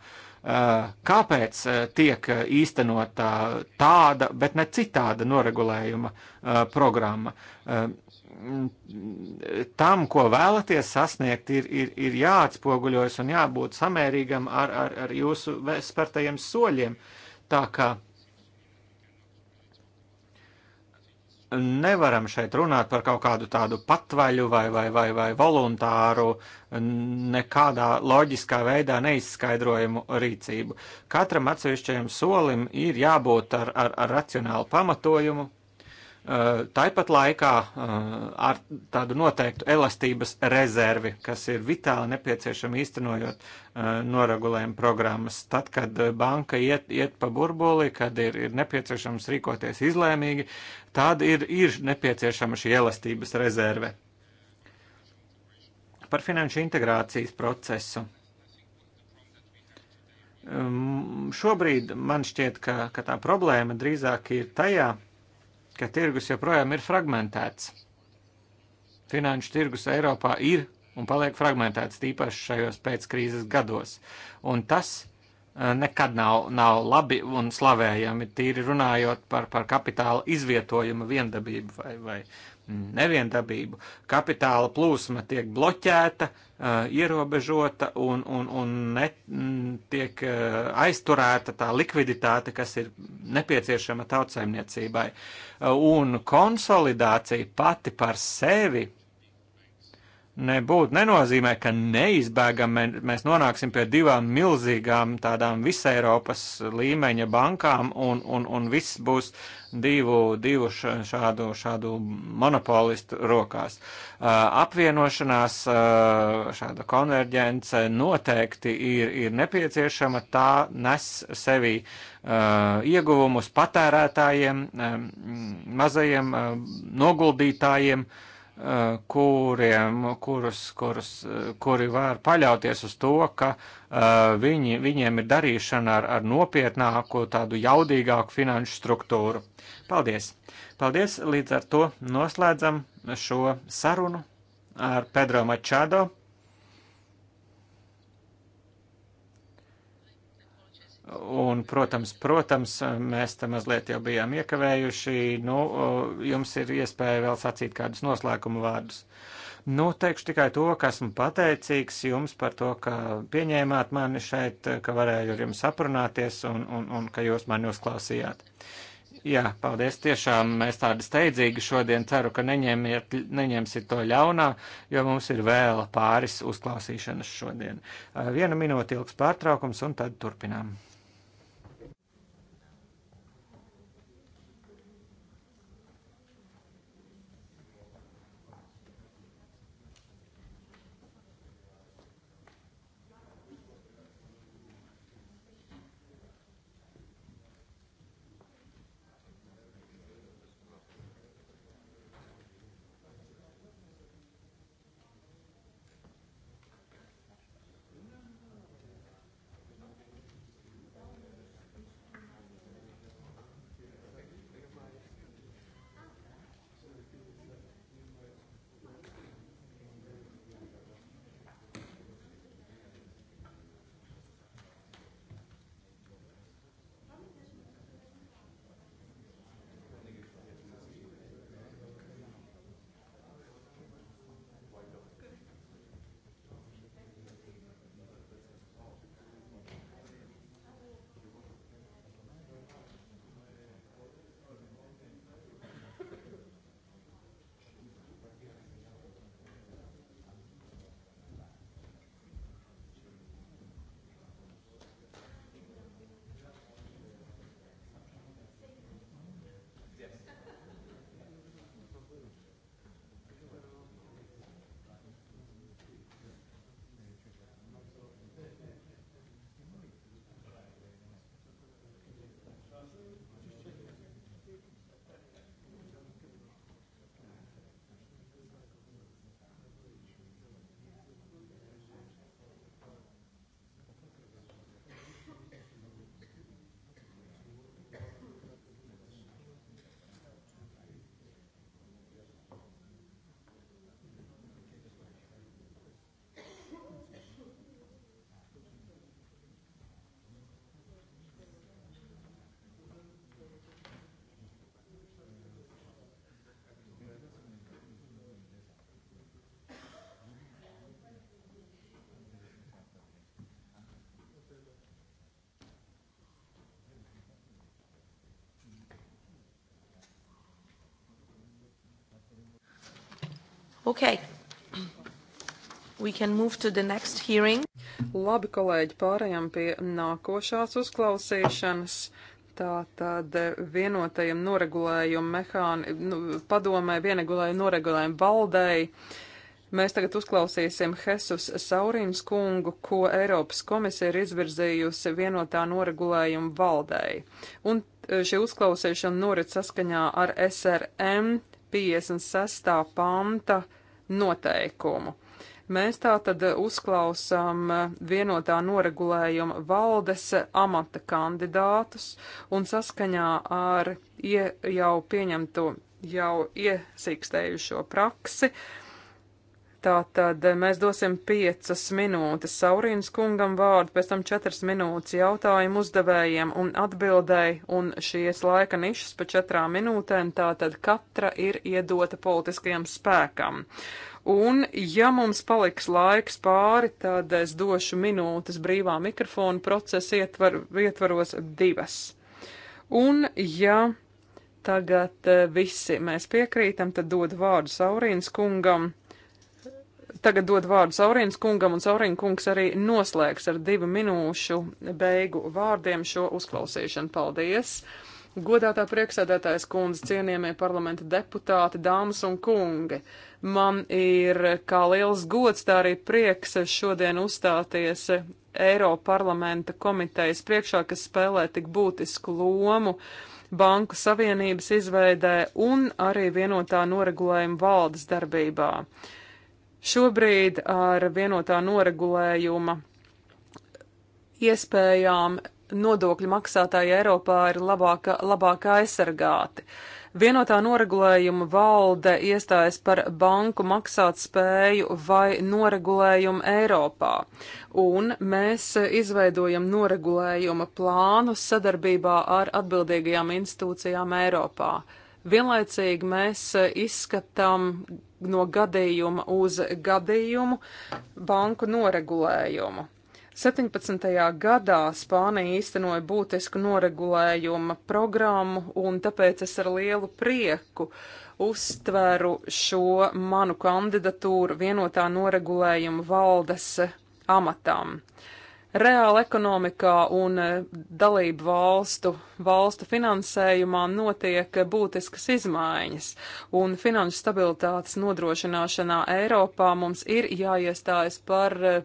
Kāpēc tiek īstenota tāda, bet ne citāda noregulējuma programma? tam, ko vēlaties sasniegt, ir, ir, ir jāatspoguļojas un jābūt samērīgam ar, ar, ar jūsu spērtajiem soļiem. Tā kā nevaram šeit runāt par kaut kādu tādu patvaļu vai, vai, vai, vai voluntāru, nekādā loģiskā veidā neizskaidrojumu rīcību. Katram atsevišķajam solim ir jābūt ar, ar, ar racionālu pamatojumu, Eh, Tāpat laikā eh, ar tādu noteiktu elastības rezervi, kas ir vitāli nepieciešama īstenojot eh, noregulējuma programmas. Tad, kad banka iet, iet pa burbuli, kad ir, ir nepieciešams rīkoties izlēmīgi, tad ir, ir nepieciešama šī elastības rezerve. Par finanšu integrācijas procesu. Šobrīd man šķiet, ka, ka tā problēma drīzāk ir tajā, ka tirgus joprojām ir fragmentēts. Finanšu tirgus Eiropā ir un paliek fragmentēts tīpaši šajos pēckrīzes gados. Un tas eh, nekad nav, nav labi un slavējami, tīri runājot par, par kapitāla izvietojumu viendabību vai, vai neviendabību. Kapitāla plūsma tiek bloķēta, ierobežota un, un, un ne, tiek aizturēta tā likviditāte, kas ir nepieciešama tautsaimniecībai. Un konsolidācija pati par sevi nebūt nenozīmē, ka neizbēgami mēs nonāksim pie divām milzīgām tādām visai Eiropas līmeņa bankām un, un, un viss būs divu, divu šādu, šādu monopolistu rokās. Uh, apvienošanās, uh, šāda konverģence noteikti ir, ir nepieciešama, tā nes sevī uh, ieguvumus patērētājiem, mazajiem noguldītājiem, uh, Eh, kuriem, kurus, kurus, eh, kuri var paļauties uz to, ka eh, viņi, viņiem ir darīšana ar, ar nopietnāku, tādu jaudīgāku finanšu struktūru. Paldies! Paldies! Līdz ar to noslēdzam šo sarunu ar Pedro Mačado. Un, protams, protams, mēs tam mazliet jau bijām iekavējuši. Nu, jums ir iespēja vēl sacīt kādus noslēguma vārdus. Nu, teikšu tikai to, ka esmu pateicīgs jums par to, ka pieņēmāt mani šeit, ka varēju ar jums aprunāties un, un, un ka jūs mani uzklausījāt. Jā, paldies. Tiešām mēs tādi steidzīgi šodien ceru, ka neņemiet, neņemsiet to ļaunā, jo mums ir vēl pāris uzklausīšanas šodien. Viena minūte ilgs pārtraukums un tad turpinām. Okay. We can move to the next hearing. Labi, kolēģi, pārējām pie nākošās uzklausīšanas. Tātad vienotajam noregulējumu mehāni, nu, padomē, vienregulējumu noregulējumu valdēji. Mēs tagad uzklausīsim Hesus Saurīns kungu, ko Eiropas komisija ir izvirzījusi vienotā noregulējuma valdēji. Un eh, šī uzklausīšana norit saskaņā ar SRM 56. panta noteikumu. Mēs tā tad uzklausām vienotā noregulējuma valdes amata kandidātus un saskaņā ar ie, jau pieņemto, jau iesīkstējušo praksi. Uh, Tātad eh, mēs dosim piecas minūtes Saurīnas kungam vārdu, pēc tam četras minūtes jautājumu uzdevējiem un atbildēji, un šīs laika nišas pa četrām minūtēm, tātad katra ir iedota politiskajam spēkam. Un, ja mums paliks laiks pāri, tad es došu minūtes brīvā mikrofona procesa ietvar, ietvaros divas. Un, ja tagad eh, visi mēs piekrītam, tad dodu vārdu Saurīnas kungam tagad dod vārdu Saurīnas kungam, un Saurīna kungs arī noslēgs ar divu minūšu beigu vārdiem šo uzklausīšanu. Paldies! Godātā prieksēdētājas kundze, cienījamie parlamenta deputāti, dāmas un kungi, man ir kā liels gods, tā arī prieks šodien uzstāties Eiropa parlamenta komitejas priekšā, kas spēlē tik būtisku lomu Banku Savienības izveidē un arī vienotā noregulējuma valdes darbībā. Šobrīd ar vienotā noregulējuma iespējām nodokļu maksātāji Eiropā ir labāk, labāk aizsargāti. Vienotā noregulējuma valde iestājas par banku maksāt spēju vai noregulējumu Eiropā, un mēs izveidojam noregulējuma plānus sadarbībā ar atbildīgajām institūcijām Eiropā. Vienlaicīgi mēs izskatām no gadījuma uz gadījumu banku noregulējumu. 17. gadā Spānija īstenoja būtisku noregulējuma programmu, un tāpēc es ar lielu prieku uztveru šo manu kandidatūru vienotā noregulējuma valdes amatam. Uh, reāli ekonomikā un e, dalību valstu, valstu finansējumā notiek būtiskas izmaiņas, un finanšu stabilitātes nodrošināšanā Eiropā mums ir jāiestājas par e,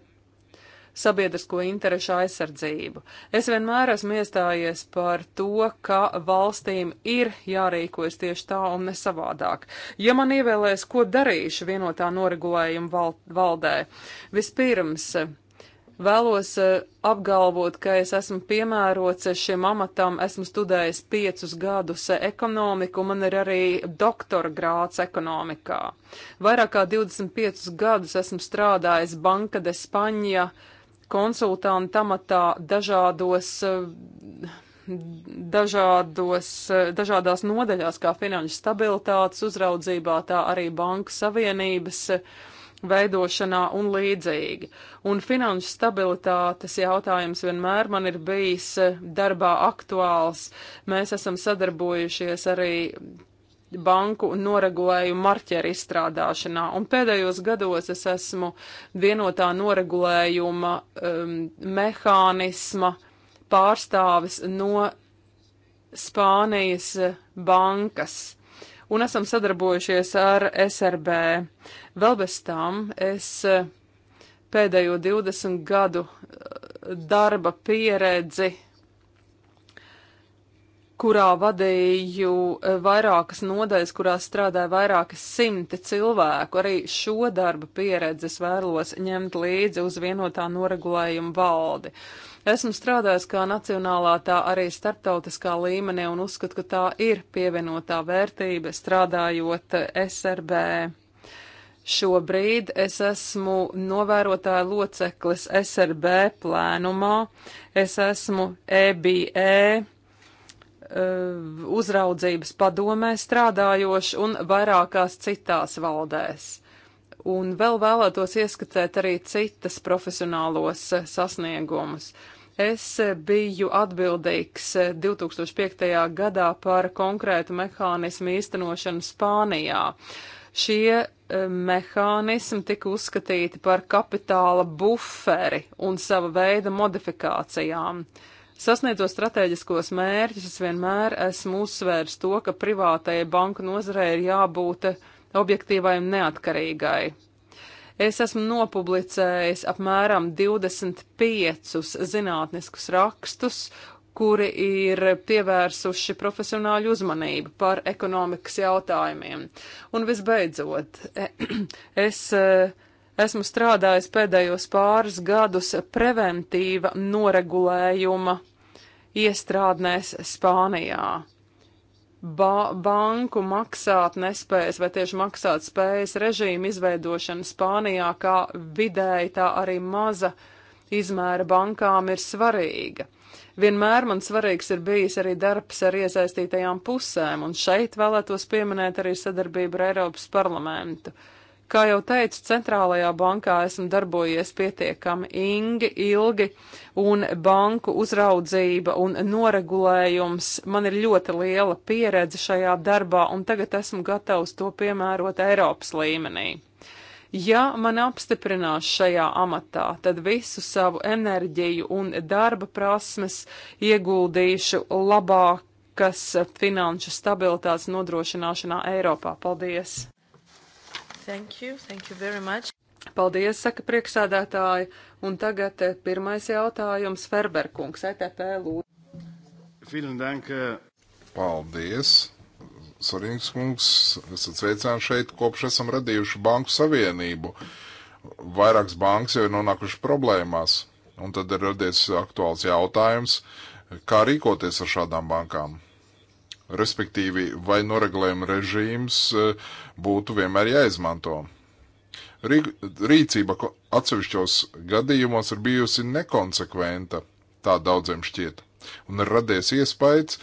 sabiedrisko interešu aizsardzību. Es vienmēr esmu iestājies par to, ka valstīm ir jārīkojas tieši tā un ne savādāk. Ja man ievēlēs, ko darīšu vienotā noregulējuma valdē, vispirms Vēlos eh, apgalvot, ka es esmu piemērots šim amatam, esmu studējis piecus gadus ekonomiku, man ir arī doktora grāts ekonomikā. Vairāk kā 25 gadus esmu strādājis Banka de Spaņa konsultanta amatā dažādos, eh, dažādos, eh, dažādās nodaļās, kā finanšu stabilitātes uzraudzībā, tā arī Banku Savienības uh, veidošanā un līdzīgi. Un finanšu stabilitātes jautājums vienmēr man ir bijis darbā aktuāls. Mēs esam sadarbojušies arī banku noregulējumu marķeru izstrādāšanā. Un pēdējos gados es esmu vienotā noregulējuma um, mehānisma pārstāvis no Spānijas bankas un esam sadarbojušies ar SRB. Vēl bez tam es eh, pēdējo 20 gadu eh, darba pieredzi, kurā vadīju eh, vairākas nodaļas, kurās strādāja vairākas simti cilvēku. Arī šo darba pieredzi es vēlos ņemt līdzi uz vienotā noregulējuma valdi. Uh, Esmu strādājis kā nacionālā, tā arī starptautiskā līmenī un uzskatu, ka tā ir pievienotā vērtība strādājot SRB. Šobrīd es esmu novērotāja loceklis SRB plēnumā, es esmu EBE e, eh, uzraudzības padomē strādājoši un vairākās citās valdēs un vēl vēlētos ieskatēt arī citas profesionālos eh, sasniegumus. Es eh, biju atbildīgs 2005. Eh, gadā par konkrētu mehānismu īstenošanu Spānijā. Šie mehānismi tika uzskatīti par kapitāla buferi un sava veida modifikācijām. Sasniedzot strateģiskos mērķus, es vienmēr esmu uzsvērs to, ka privātajai banku nozarei ir jābūt uh, objektīvai un neatkarīgai. Es esmu nopublicējis apmēram 25 zinātniskus rakstus, kuri ir pievērsuši profesionāļu uzmanību par ekonomikas jautājumiem. Un visbeidzot, es eh, esmu strādājis pēdējos pāris gadus preventīva noregulējuma iestrādnēs Spānijā ba banku maksāt nespējas vai tieši maksāt spējas režīmu izveidošana Spānijā kā vidēji tā arī maza izmēra bankām ir svarīga. Vienmēr man svarīgs ir bijis arī darbs ar iesaistītajām pusēm, un šeit vēlētos pieminēt arī sadarbību ar Eiropas parlamentu. Uh, Kā jau teicu, centrālajā bankā esmu darbojies pietiekami ingi, ilgi, un banku uzraudzība un noregulējums man ir ļoti liela pieredze šajā darbā, un tagad esmu gatavs to piemērot Eiropas līmenī. Ja man apstiprinās šajā amatā, tad visu savu enerģiju un darba prasmes ieguldīšu labākas finanšu stabilitātes nodrošināšanā Eiropā. Paldies! Thank you, thank you very much. Paldies, saka priekšsādātāji. Un tagad eh, pirmais jautājums Ferberkungs, ETP lūdzu. Vielen dank. Eh. Paldies. Svarīgs kungs, esat sveicināti šeit, kopš esam radījuši Banku Savienību. Vairākas bankas jau ir nonākuši problēmās, un tad ir radies aktuāls jautājums, kā rīkoties ar šādām bankām respektīvi, vai noregulējuma režīms e, būtu vienmēr jāizmanto. Rīcība atsevišķos gadījumos ir bijusi nekonsekventa, tā daudziem šķiet, un ir radies iespējas,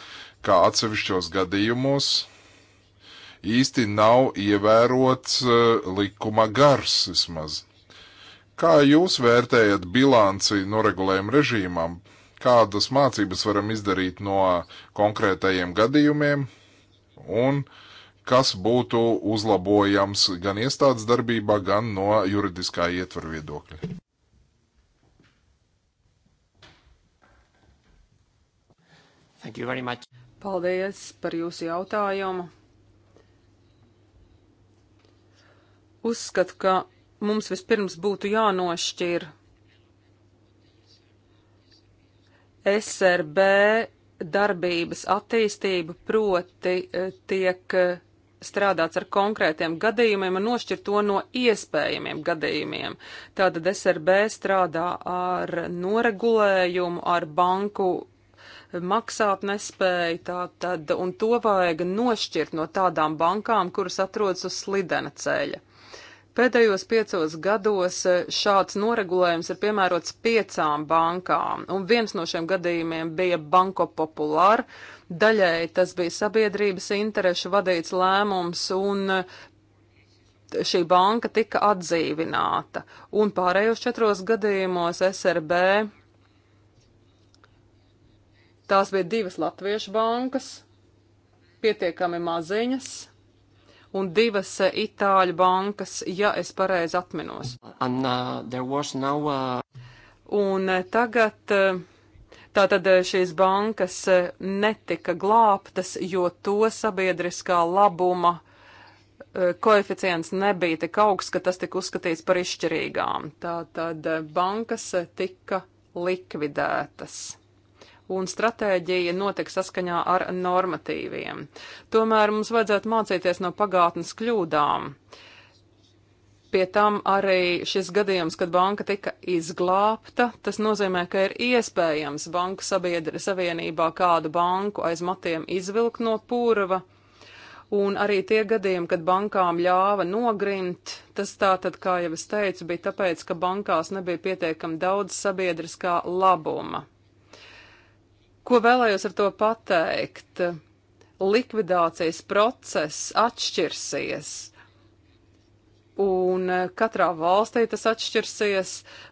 ka atsevišķos gadījumos īsti nav ievērots e, likuma gars vismaz. Kā jūs vērtējat bilanci noregulējuma režīmam? kādas mācības varam izdarīt no konkrētajiem gadījumiem un kas būtu uzlabojams gan iestādes darbībā, gan no juridiskā ietvara viedokļa. Paldies par jūsu jautājumu. Uzskatu, ka mums vispirms būtu jānošķir SRB darbības attīstību, proti e, tiek e, strādāts ar konkrētiem gadījumiem un nošķir to no iespējamiem gadījumiem. Tātad SRB strādā ar noregulējumu, ar banku maksāt nespēju, tātad, un to vajag nošķirt no tādām bankām, kuras atrodas uz slidena ceļa. Pēdējos piecos gados e, šāds noregulējums ir piemērots piecām bankām, un viens no šiem gadījumiem bija Banko Populāra. Daļēji tas bija sabiedrības interešu vadīts lēmums, un e, šī banka tika atdzīvināta. Un pārējos četros gadījumos SRB. Tās bija divas latviešu bankas, pietiekami maziņas un divas eh, itāļu bankas, ja es pareizi atminos. And, uh, no, uh... Un eh, tagad eh, tātad šīs bankas netika glābtas, jo to sabiedriskā labuma koeficients nebija tik augsts, ka tas tika uzskatīts par izšķirīgām. Tātad bankas tika likvidētas un stratēģija notiks saskaņā ar normatīviem. Tomēr mums vajadzētu mācīties no pagātnes kļūdām. Pie tam arī šis gadījums, kad banka tika izglābta, tas nozīmē, ka ir iespējams banku sabiedri, savienībā kādu banku aiz matiem izvilkt no purva, un arī tie gadījumi, kad bankām ļāva nogrimt, tas tā tad, kā jau es teicu, bija tāpēc, ka bankās nebija pietiekami daudz sabiedriskā labuma. Ko vēlējos ar to pateikt? Likvidācijas process atšķirsies un eh, katrā valstī tas atšķirsies.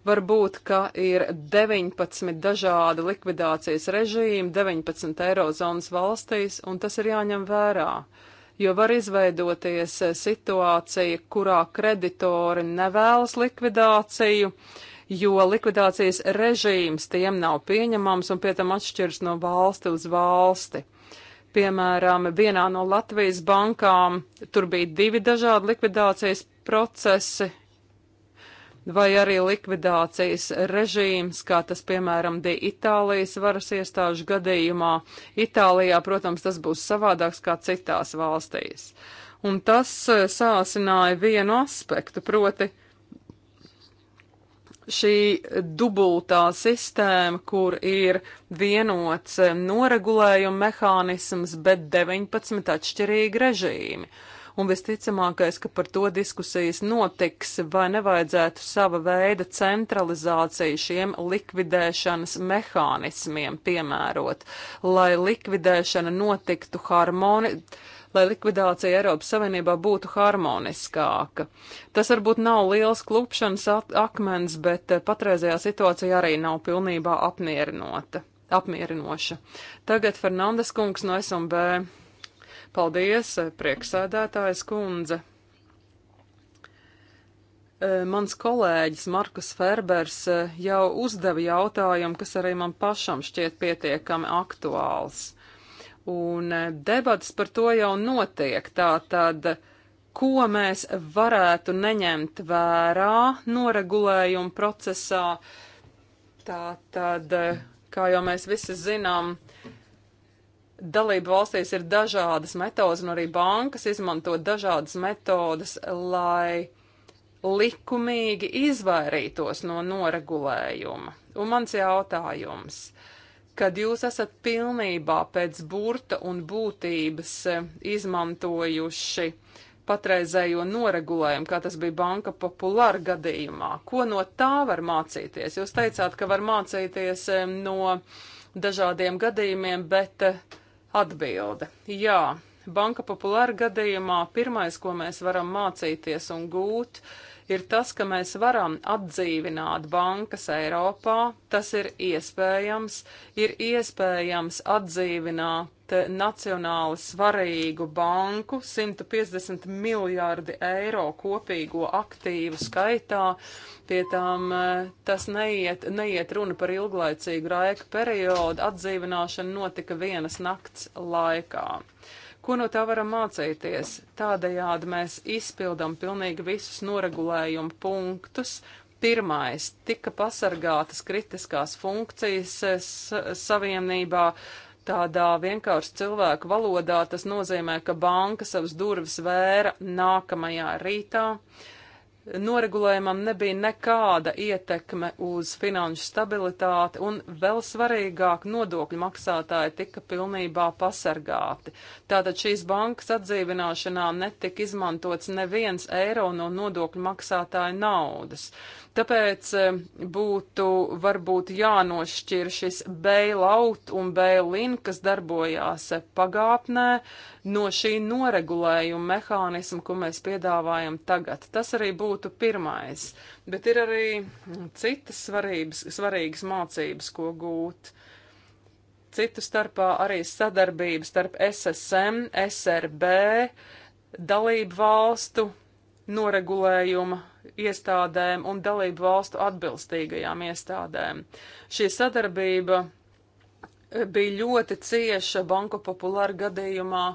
Varbūt, ka ir 19 dažādi likvidācijas režīmi 19 eirozonas valstīs, un tas ir jāņem vērā. Jo var izveidoties eh, situācija, kurā kreditori nevēlas likvidāciju, uh, jo likvidācijas režīms tiem nav pieņemams un pie tam atšķirs no valsti uz valsti. Piemēram, vienā no Latvijas bankām tur bija divi dažādi likvidācijas procesi, vai arī likvidācijas režīms, kā tas, piemēram, bija Itālijas varas iestāžu gadījumā. Itālijā, protams, tas būs savādāks kā citās valstīs. Un tas eh, sāsināja vienu aspektu, proti šī dubultā sistēma, kur ir vienots noregulējuma mehānisms, bet 19 atšķirīgi režīmi. Un visticamākais, ka par to diskusijas notiks, vai nevajadzētu sava veida centralizāciju šiem likvidēšanas mehānismiem piemērot, lai likvidēšana notiktu harmoniski lai likvidācija Eiropas Savienībā būtu harmoniskāka. Tas varbūt nav liels klupšanas akmens, bet eh, patreizajā situācija arī nav pilnībā apmierinota. apmierinoša. Tagad Fernandes kungs no SMB. Paldies, eh, prieksēdētājs kundze. Eh, mans kolēģis Markus Ferbers jau uzdeva jautājumu, kas arī man pašam šķiet pietiekami aktuāls. Un eh, debats par to jau notiek. Tātad, ko mēs varētu neņemt vērā noregulējuma procesā, tātad, eh, kā jau mēs visi zinām, dalību valstīs ir dažādas metodas, un arī bankas izmanto dažādas metodas, lai likumīgi izvairītos no noregulējuma. Un mans jautājums kad jūs esat pilnībā pēc burta un būtības e, izmantojuši patreizējo noregulējumu, kā tas bija banka populāra gadījumā. Ko no tā var mācīties? Jūs teicāt, ka var mācīties e, no dažādiem gadījumiem, bet e, atbilde. Jā, banka populāra gadījumā pirmais, ko mēs varam mācīties un gūt, ir ir tas, ka mēs varam atdzīvināt bankas Eiropā. Tas ir iespējams. Ir iespējams atdzīvināt nacionāli svarīgu banku 150 miljārdi eiro kopīgo aktīvu skaitā. Pie tām eh, tas neiet, neiet runa par ilglaicīgu raika periodu. Atdzīvināšana notika vienas nakts laikā. Uh, Ko no tā varam mācīties? Tādējādi mēs izpildam pilnīgi visus noregulējumu punktus. Pirmais - tika pasargātas kritiskās funkcijas eh, savienībā. Tādā vienkārši cilvēku valodā tas nozīmē, ka banka savas durvis vēra nākamajā rītā. Uh, noregulējumam nebija nekāda ietekme uz finanšu stabilitāti, un vēl svarīgāk nodokļu maksātāji tika pilnībā pasargāti. Tātad šīs bankas atdzīvināšanā netika izmantots neviens eiro no nodokļu maksātāja naudas. Tāpēc eh, būtu varbūt jānošķir šis bailout un bailin, kas darbojās pagātnē, no šī noregulējuma mehānisma, ko mēs piedāvājam tagad. Tas arī būtu pirmais. Bet ir arī citas svarības, svarīgas mācības, ko gūt. Citu starpā arī sadarbība starp SSM, SRB, dalību valstu noregulējuma iestādēm un dalību valstu atbilstīgajām iestādēm. Šī sadarbība eh, bija ļoti cieša banku populāra gadījumā.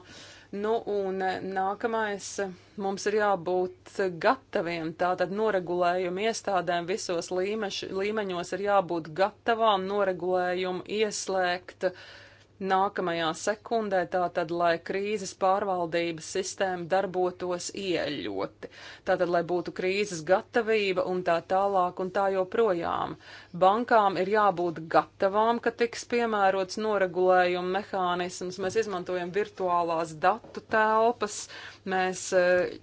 Nu, un eh, nākamais eh, mums ir jābūt gataviem. Tātad noregulējumu iestādēm visos līmeš, līmeņos ir jābūt gatavām noregulējumu ieslēgt uh, nākamajā sekundē, tātad, lai krīzes pārvaldības sistēma darbotos ieļoti, tātad, lai būtu krīzes gatavība un tā tālāk un tā joprojām. Bankām ir jābūt gatavām, ka tiks piemērots noregulējuma mehānisms, mēs izmantojam virtuālās datu telpas, mēs eh,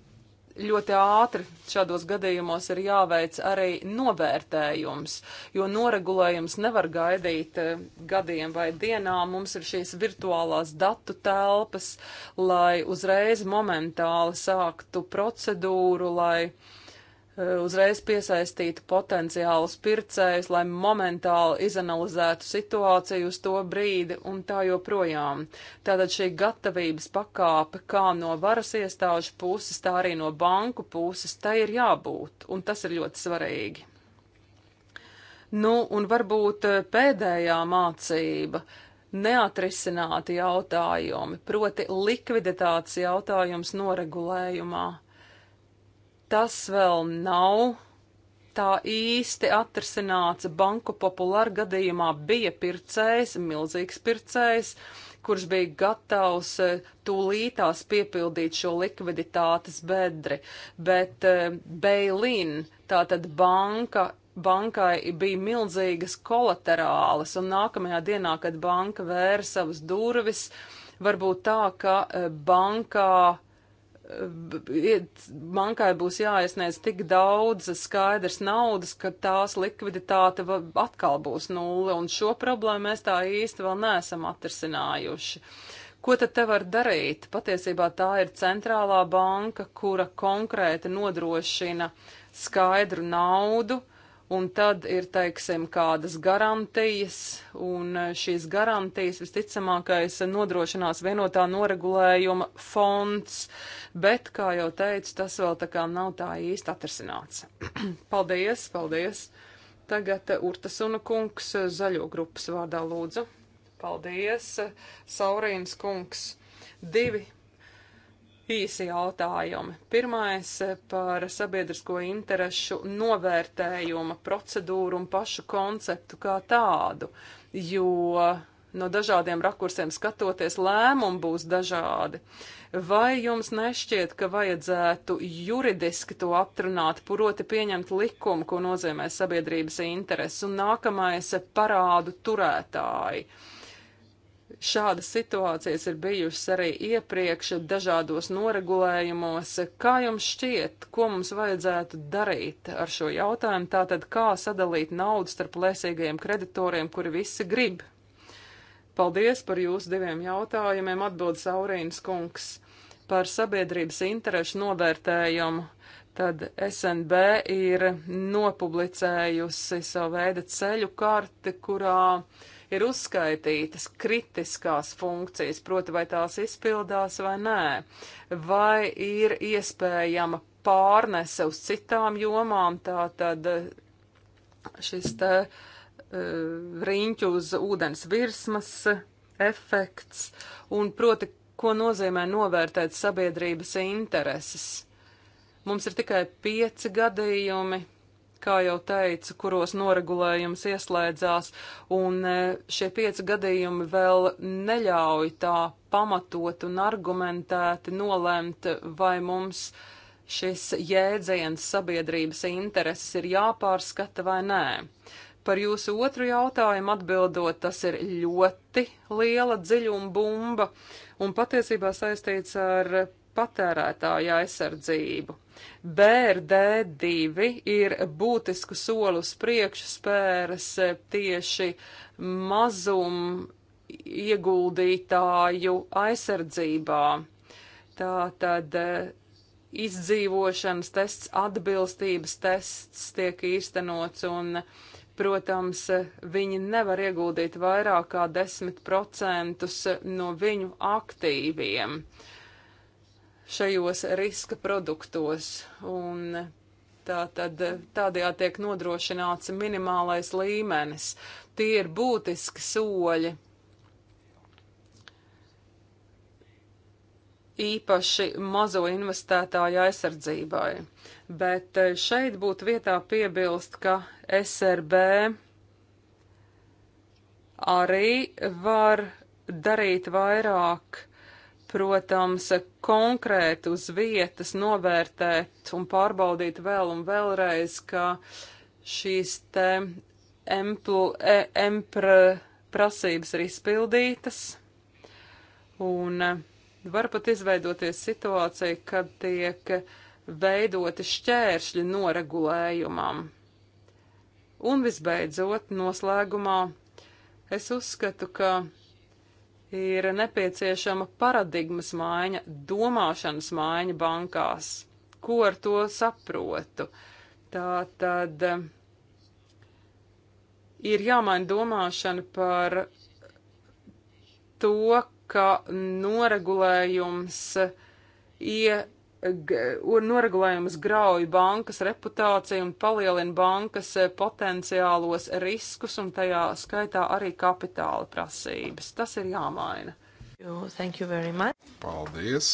ļoti ātri šādos gadījumos ir jāveic arī novērtējums, jo noregulējums nevar gaidīt eh, gadiem vai dienām. Mums ir šīs virtuālās datu telpas, lai uzreiz momentāli sāktu procedūru, lai Eh, uzreiz piesaistītu potenciālus pircējus, lai momentāli izanalizētu situāciju uz to brīdi un tā joprojām. Tātad šī gatavības pakāpe, kā no varas iestāžu puses, tā arī no banku puses, tai ir jābūt, un tas ir ļoti svarīgi. Nu, un varbūt eh, pēdējā mācība neatrisināti jautājumi, proti likviditātes jautājums noregulējumā tas vēl nav tā īsti atrasināts. Banku populāra gadījumā bija pircējs, milzīgs pircējs, kurš bija gatavs eh, tūlītās piepildīt šo likviditātes bedri, bet eh, Beilin, tātad banka. Bankai bija milzīgas kolaterālas, un nākamajā dienā, kad banka vēra savas durvis, varbūt tā, ka eh, bankā bankai būs jāiesniedz tik daudz skaidrs naudas, ka tās likviditāte atkal būs nulle, un šo problēmu mēs tā īsti vēl neesam atrisinājuši. Ko tad te var darīt? Patiesībā tā ir centrālā banka, kura konkrēti nodrošina skaidru naudu, uh, un tad ir, teiksim, kādas garantijas, un eh, šīs garantijas visticamākais nodrošinās vienotā noregulējuma fonds, bet, kā jau teicu, tas vēl tā kā nav tā īsti atrasināts. paldies, paldies! Tagad eh, Urtasuna kungs eh, zaļo grupas vārdā lūdzu. Paldies, Saurīns kungs! Divi īsi jautājumi. Pirmais eh, par sabiedrisko interešu novērtējuma procedūru un pašu konceptu kā tādu, jo no dažādiem rakursiem skatoties lēmumi būs dažādi. Vai jums nešķiet, ka vajadzētu juridiski to aptrunāt, proti pieņemt likumu, ko nozīmē sabiedrības intereses, un nākamais parādu turētāji? Uh, Šādas situācijas ir bijušas arī iepriekš dažādos noregulējumos. Kā jums šķiet, ko mums vajadzētu darīt ar šo jautājumu? Tātad, kā sadalīt naudu starp lēsīgajiem kreditoriem, kuri visi grib? Paldies par jūsu diviem jautājumiem, atbild Saurīnas kungs par sabiedrības interešu novērtējumu. Tad SNB ir nopublicējusi savu veidu ceļu karti, kurā uh, ir uzskaitītas kritiskās funkcijas, proti vai tās izpildās vai nē, vai ir iespējama pārnese uz citām jomām, tā tad eh, šis te uh, riņķu uz ūdens virsmas efekts, un proti, ko nozīmē novērtēt sabiedrības intereses. Mums ir tikai pieci gadījumi kā jau teicu, kuros noregulējums ieslēdzās, un e, šie pieci gadījumi vēl neļauj tā pamatot un argumentēti nolemt, vai mums šis jēdziens sabiedrības intereses ir jāpārskata vai nē. Par jūsu otru jautājumu atbildot, tas ir ļoti liela dziļuma bumba un patiesībā saistīts ar patērētāju aizsardzību. BRD2 ir būtisku soli uz priekšu spēras tieši mazum ieguldītāju aizsardzībā. Tā tad eh, izdzīvošanas tests, atbilstības tests tiek īstenots un, protams, viņi nevar ieguldīt vairāk kā 10% no viņu aktīviem. Uh, šajos riska produktos. Un tā tad tādējādi tiek nodrošināts minimālais līmenis. Tie ir būtiski soļi. īpaši mazo investētāju aizsardzībai. Bet eh, šeit būtu vietā piebilst, ka SRB arī var darīt vairāk protams, konkrēti uz vietas novērtēt un pārbaudīt vēl un vēlreiz, ka šīs te emplu, e, empra prasības ir izpildītas. Un e, var pat izveidoties situācija, kad tiek veidoti šķēršļi noregulējumam. Un visbeidzot, noslēgumā es uzskatu, ka ir nepieciešama paradigmas maiņa, domāšanas maiņa bankās. Ko ar to saprotu? Tā tad eh, ir jāmaina domāšana par to, ka noregulējums ie noregulējums grauj bankas reputāciju un palielina bankas eh, potenciālos riskus un tajā skaitā arī kapitāla prasības. Tas ir jāmaina. Thank you very much. Paldies.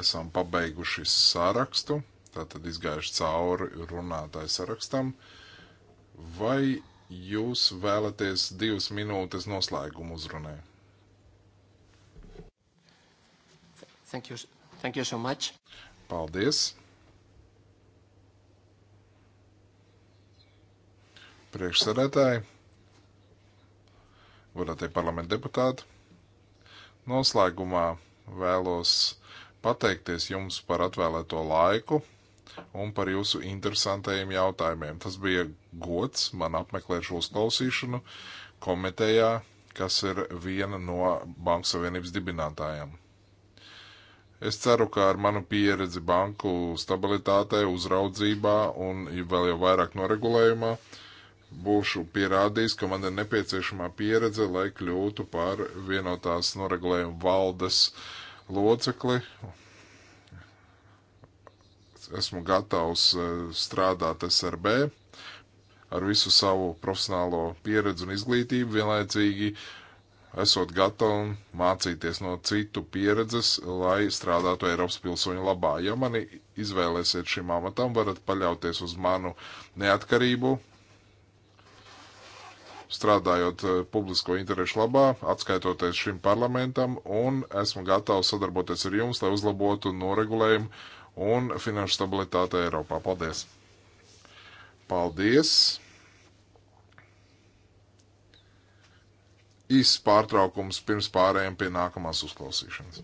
Esam pabeiguši sarakstu, tātad izgājuši cauri runātāju sarakstam. Vai jūs vēlaties divas minūtes noslēgumu uzrunai? Thank you. Thank you so much. Paldies. Priekšsēdētāji, godātie parlamenta deputāti, noslēgumā vēlos pateikties jums par atvēlēto laiku un par jūsu interesantajiem jautājumiem. Tas bija gods man apmeklēt šo uzklausīšanu komitejā, kas ir viena no Banku Savienības dibinātājiem. Es ceru, ka ar manu pieredzi banku stabilitātē, uzraudzībā un vēl jau vairāk noregulējumā būšu pierādījis, ka man ir nepieciešamā pieredze, lai kļūtu par vienotās noregulējuma valdes locekli. Esmu gatavs e, strādāt SRB ar visu savu profesionālo pieredzi un izglītību, vienlaicīgi uh, esot gatavi mācīties no citu pieredzes, lai strādātu Eiropas pilsoņu labā. Ja mani izvēlēsiet šim amatam, varat paļauties uz manu neatkarību, strādājot eh, publisko interešu labā, atskaitoties šim parlamentam, un esmu gatavs sadarboties ar jums, lai uzlabotu noregulējumu un finanšu stabilitāti Eiropā. Paldies! Paldies! īsts pārtraukums pirms pārējiem pie nākamās uzklausīšanas.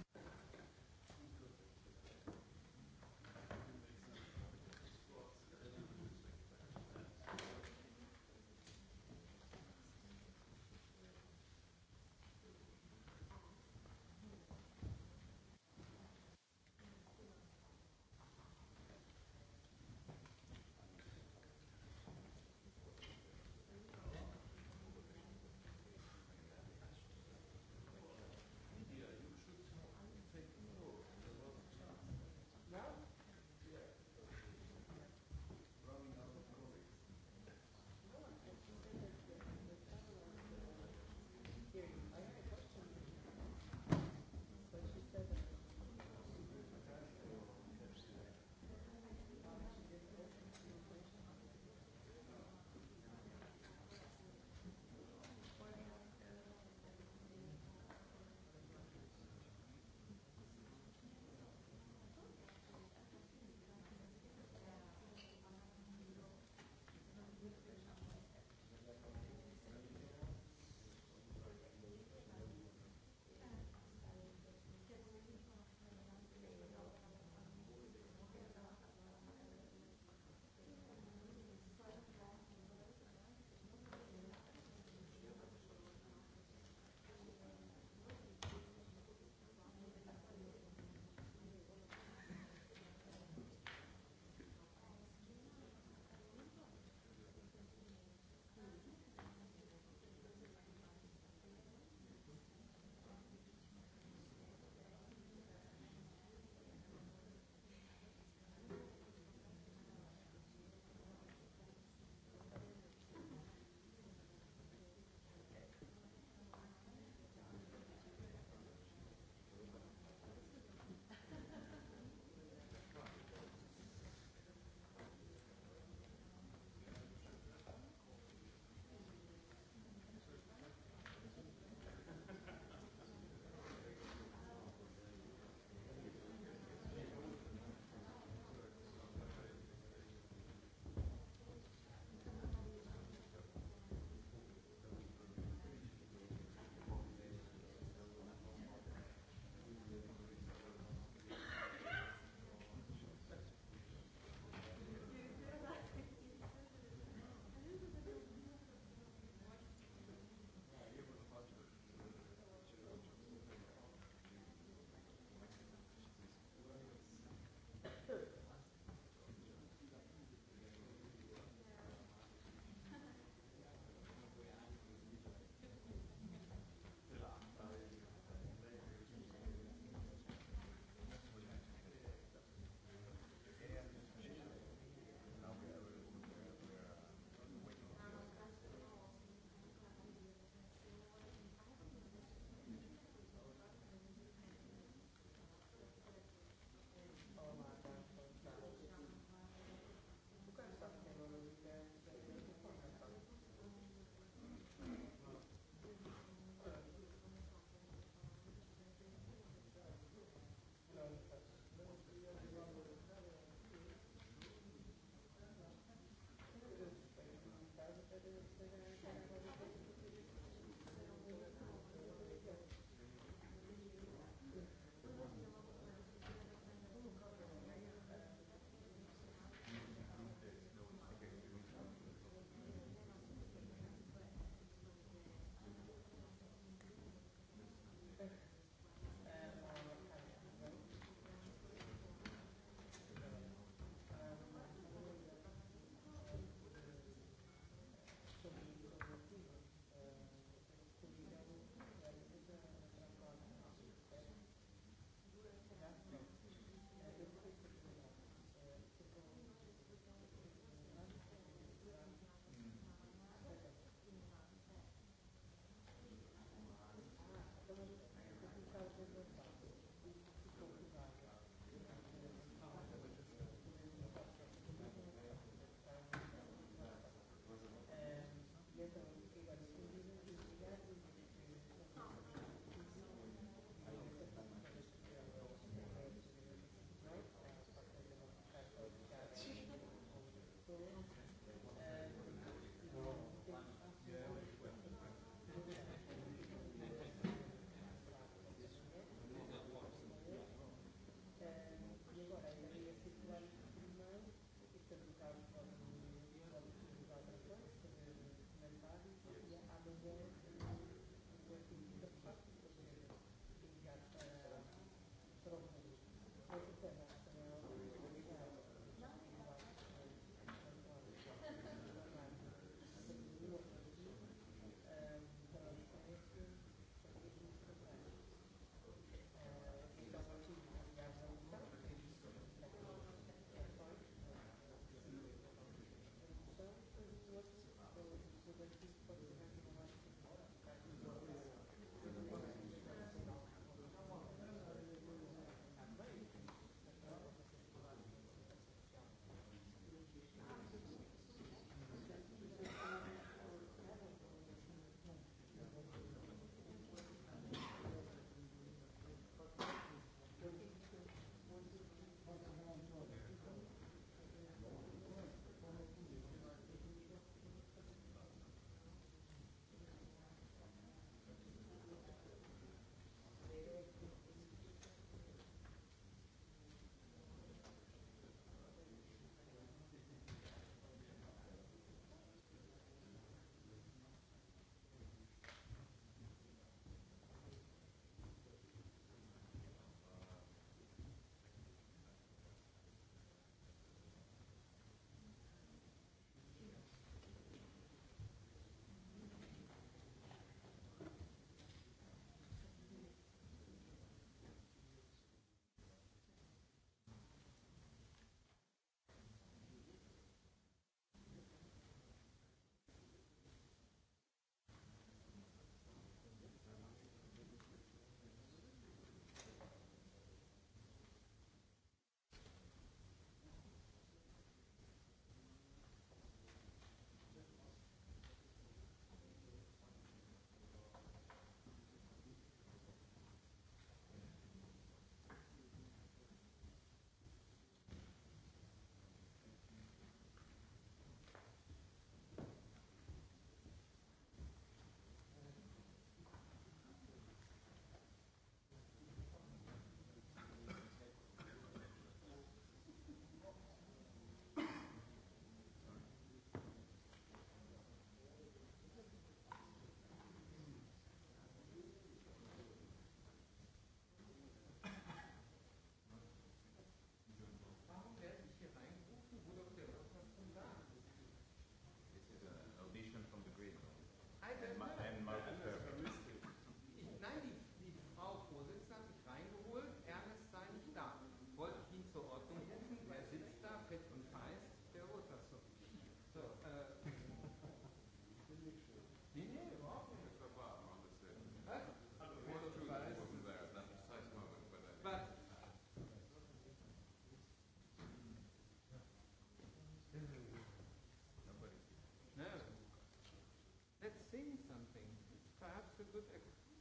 good equity.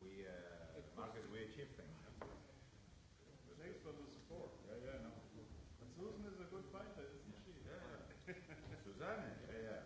We uh, equity. market we achieve things. Thanks for the support. Yeah, yeah, no. And Susan is a good fighter, isn't yeah. she? Yeah. Susanne, yeah, yeah.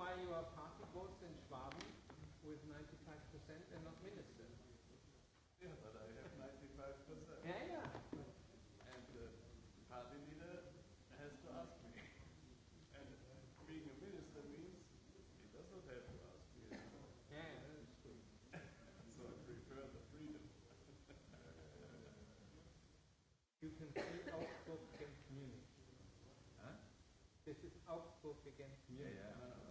why your party votes in Schwaben with 95% and not ministers. Yeah, but I have 95%. Yeah, yeah. And the party leader has to ask me. And uh, being a minister means he does not have to ask me anymore. Yeah. yeah. so I prefer the freedom. you can see Augsburg against Munich. Huh? This is Augsburg against Munich. Yeah, yeah. No, no.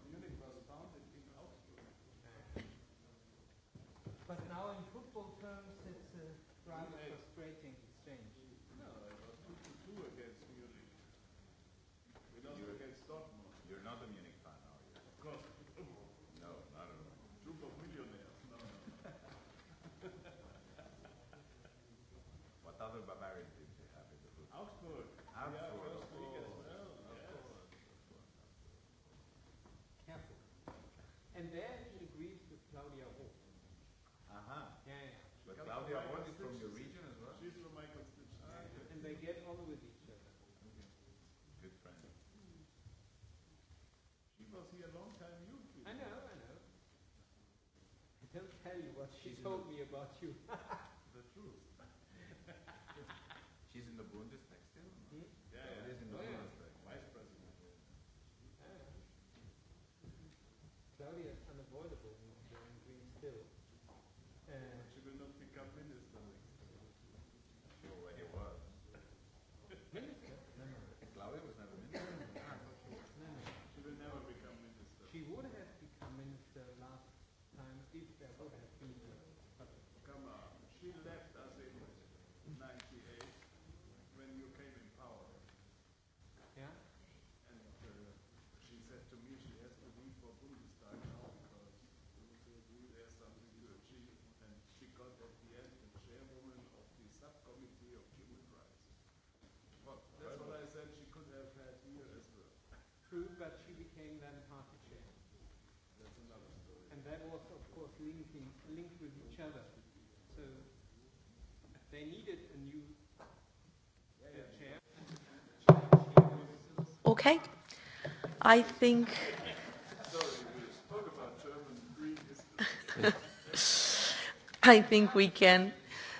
she told the, me about you. the truth. She's in the Bundestag still? Hmm? Yeah, yeah. Oh, yeah. linking, linked with each other. So they needed a new uh, chair. Okay. I think. I think we can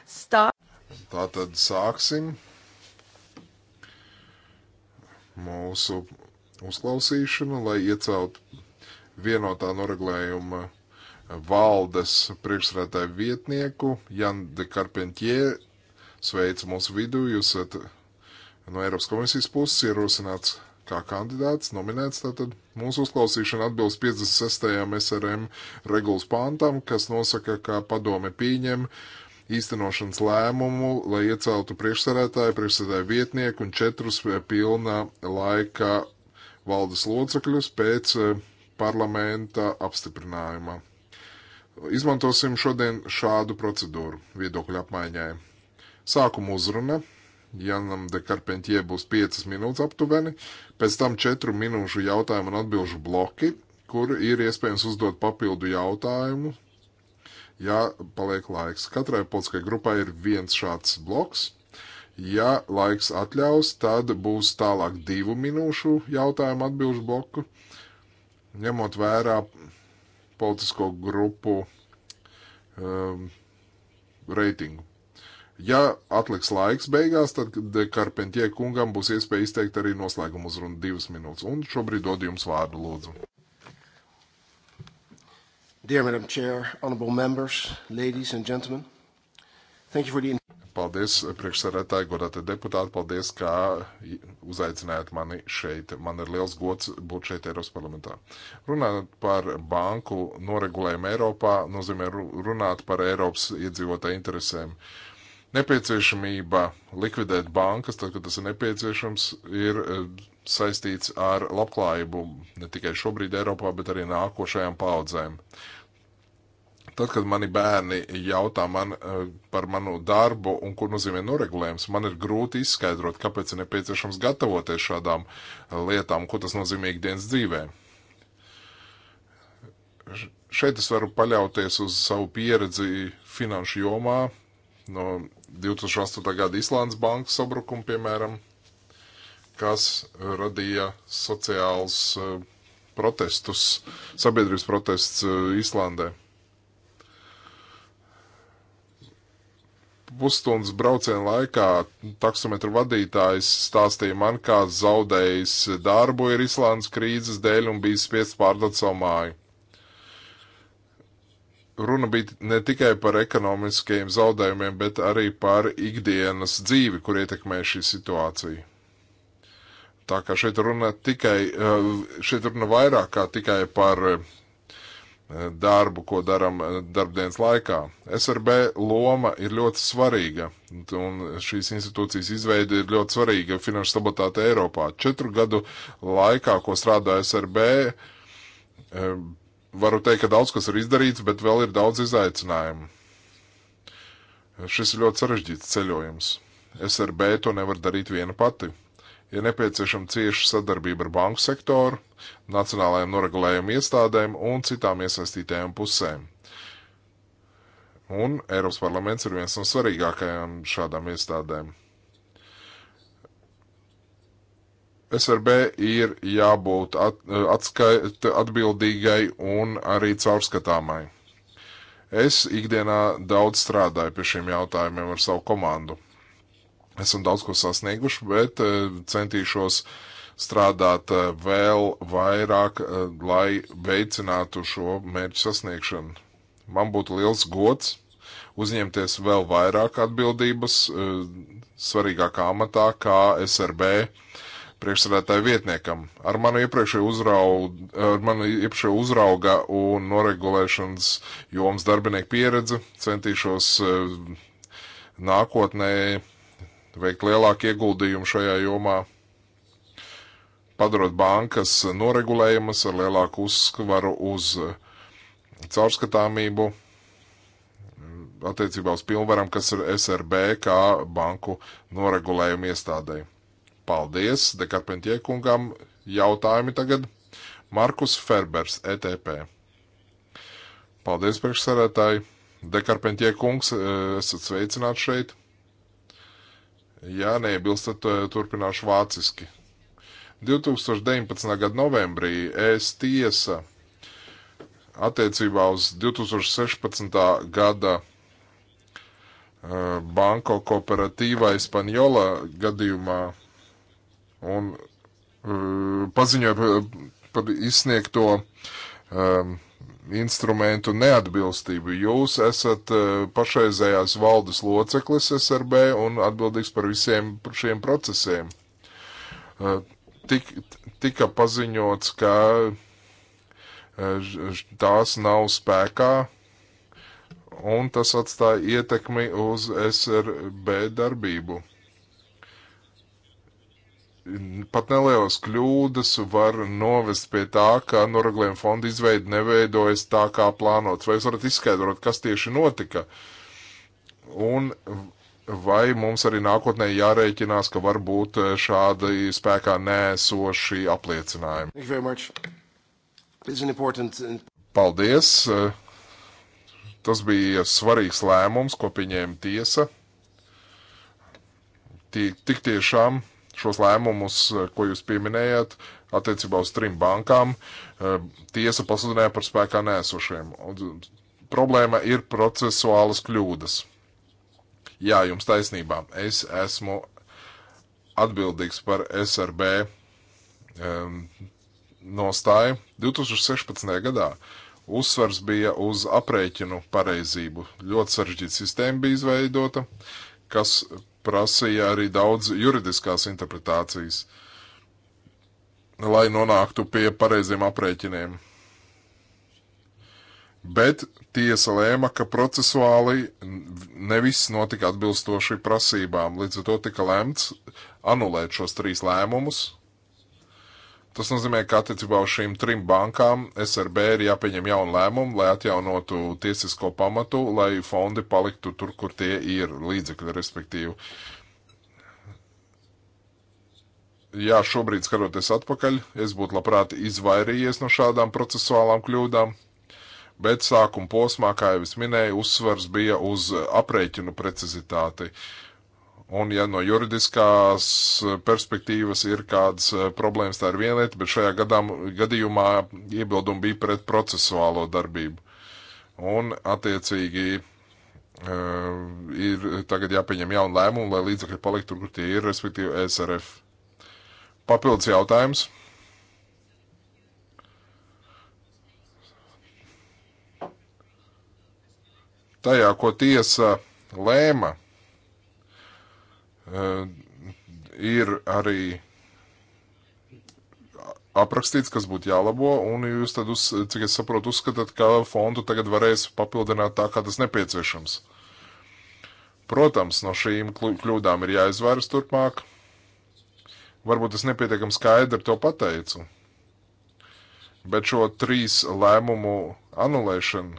start. Tātad sāksim mūsu uzklausīšanu, lai iecelt vienotā noreglējuma valdes priekšsēdētāju vietnieku Janu de Carpentier. Sveicu mūsu vidū, jūs esat no Eiropas komisijas puses ierosināts kā kandidāts, nominēts tātad. Mūsu uzklausīšana atbilst 56. SRM regulas pāntam, kas nosaka, ka padome pieņem īstenošanas lēmumu, lai ieceltu priekšsarētāju, priekšsarētāju vietnieku un četrus pilna laika valdes locekļus pēc eh, parlamenta apstiprinājuma. Izmantosim šodien šādu procedūru viedokļu apmaiņai. Sākuma uzruna. Janam de Karpentie būs 5 minūtes aptuveni, pēc tam 4 minūšu jautājumu un atbilžu bloki, kur ir iespējams uzdot papildu jautājumu, ja paliek laiks. Katrai politiskai grupai ir viens šāds bloks. Ja laiks atļaus, tad būs tālāk divu minūšu jautājumu atbilžu bloku, ņemot vērā politisko grupu um, reitingu. Ja atliks laiks beigās, tad Karpentie kungam būs iespēja izteikt arī noslēgumu uzrunu divas minūtes. Un šobrīd dod jums vārdu, lūdzu. Dear Madam Chair, honorable members, ladies and gentlemen, thank you for the Paldies, priekšsarētāji, godātie deputāti, paldies, kā uzaicinājāt mani šeit. Man ir liels gods būt šeit Eiropas parlamentā. Runāt par banku noregulējumu Eiropā nozīmē runāt par Eiropas iedzīvotāju interesēm. Nepieciešamība likvidēt bankas, tad, kad tas ir nepieciešams, ir eh, saistīts ar labklājību ne tikai šobrīd Eiropā, bet arī nākošajām paudzēm. Tad, kad mani bērni jautā man eh, par manu darbu un ko nozīmē noregulējums, man ir grūti izskaidrot, kāpēc ir nepieciešams gatavoties šādām eh, lietām, ko tas nozīmē ikdienas dzīvē. Šeit es varu paļauties uz savu pieredzi finanšu jomā, no 2008. gada Islandes bankas sabrukuma, piemēram, kas radīja sociāls eh, protestus, sabiedrības protests Islandē. Uh, pusstundas brauciena laikā taksometru vadītājs stāstīja man, kā zaudējis darbu ir Islandas krīzes dēļ un bijis spiests pārdot savu māju. Runa bija ne tikai par ekonomiskajiem zaudējumiem, bet arī par ikdienas dzīvi, kur ietekmē šī situācija. Tā kā šeit runa tikai, eh, šeit runa vairāk kā tikai par Eh, darbu, ko darām eh, darbdienas laikā. SRB loma ir ļoti svarīga, un šīs institūcijas izveide ir ļoti svarīga finanšu stabilitāte Eiropā. Četru gadu laikā, ko strādāja SRB, eh, varu teikt, ka daudz kas ir izdarīts, bet vēl ir daudz izaicinājumu. Šis ir ļoti sarežģīts ceļojums. SRB to nevar darīt viena pati ir nepieciešama cieša sadarbība ar banku sektoru, nacionālajām noregulējuma iestādēm un citām iesaistītajām pusēm. Un Eiropas parlaments ir viens no svarīgākajām šādām iestādēm. SRB ir jābūt at, atskait, atbildīgai un arī caurskatāmai. Es ikdienā daudz strādāju pie šiem jautājumiem ar savu komandu Esam daudz ko sasnieguši, bet eh, centīšos strādāt eh, vēl vairāk, eh, lai veicinātu šo mērķu sasniegšanu. Man būtu liels gods uzņemties vēl vairāk atbildības svarīgākā amatā, kā SRB priekšsēdētāja vietniekam. Ar manu iepriekšēju uzraugu, ar manu iepriekšēju uzrauga un noregulēšanas jomas darbinieku pieredzi centīšos nākotnē veikt lielāku ieguldījumu šajā jomā, padarot bankas noregulējumas ar lielāku uzsvaru uz eh, caurskatāmību mm, attiecībā uz pilnvaram, kas ir SRB kā banku noregulējuma iestādēji. Paldies Dekarpentie kungam. Jautājumi tagad. Markus Ferbers, ETP. Paldies priekšsarētāji. Dekarpentie kungs, eh, esat sveicināts šeit. Ja neiebilstat, eh, turpināšu vāciski. 2019. gada novembrī ES tiesa attiecībā uz 2016. gada eh, Banko kooperatīvā Espanjola gadījumā un eh, paziņoja par izsniegto um, instrumentu neatbilstību. Jūs esat eh, pašreizējās valdes loceklis SRB un atbildīgs par visiem šiem procesiem. Eh, tik, tika paziņots, ka eh, tās nav spēkā, un tas atstāja ietekmi uz SRB darbību pat nelielas kļūdas var novest pie tā, ka noraglējuma fonda izveida neveidojas tā, kā plānots. Vai jūs varat izskaidrot, kas tieši notika? Un vai mums arī nākotnē jārēķinās, ka var būt šādi spēkā nēsoši apliecinājumi? Paldies! Tas bija svarīgs lēmums, ko pieņēma tiesa. Tik tiešām šos lēmumus, eh, ko jūs pieminējāt, attiecībā uz trim bankām, eh, tiesa pasludināja par spēkā nēsošiem. Un problēma ir procesuālas kļūdas. Jā, jums taisnībā. Es esmu atbildīgs par SRB um, nostāju 2016. gadā. Uzsvars bija uz aprēķinu pareizību. Ļoti sarežģīta sistēma bija izveidota, kas prasīja arī daudz juridiskās interpretācijas, lai nonāktu pie pareiziem aprēķiniem. Bet tiesa lēma, ka procesuāli nevis notika atbilstoši prasībām, līdz ar to tika lemts anulēt šos trīs lēmumus, Tas nozīmē, ka attiecībā uz šīm trim bankām SRB ir jāpieņem jaunu lēmumu, lai atjaunotu tiesisko pamatu, lai fondi paliktu tur, kur tie ir līdzekļi, respektīvi. Jā, šobrīd skatoties atpakaļ, es būtu labprāt izvairījies no šādām procesuālām kļūdām bet sākuma posmā, kā jau es minēju, uzsvars bija uz aprēķinu precizitāti. Un, ja no juridiskās eh, perspektīvas ir kādas eh, problēmas, tā ir viena lieta, bet šajā gadām, gadījumā iebildumi bija pret procesuālo darbību. Un, attiecīgi, eh, ir tagad jāpieņem jauna lēmuma, lai līdzekļi paliktu tur, kur tie ir, respektīvi SRF. Papildus jautājums. Tajā, ko tiesa lēma Eh, ir arī aprakstīts, kas būtu jālabo, un jūs tad, uz, cik es saprotu, uzskatāt, ka fondu tagad varēs papildināt tā, kā tas nepieciešams. Protams, no šīm kļūdām ir jāizvairas turpmāk. Varbūt es nepietiekam skaidri to pateicu, bet šo trīs lēmumu anulēšanu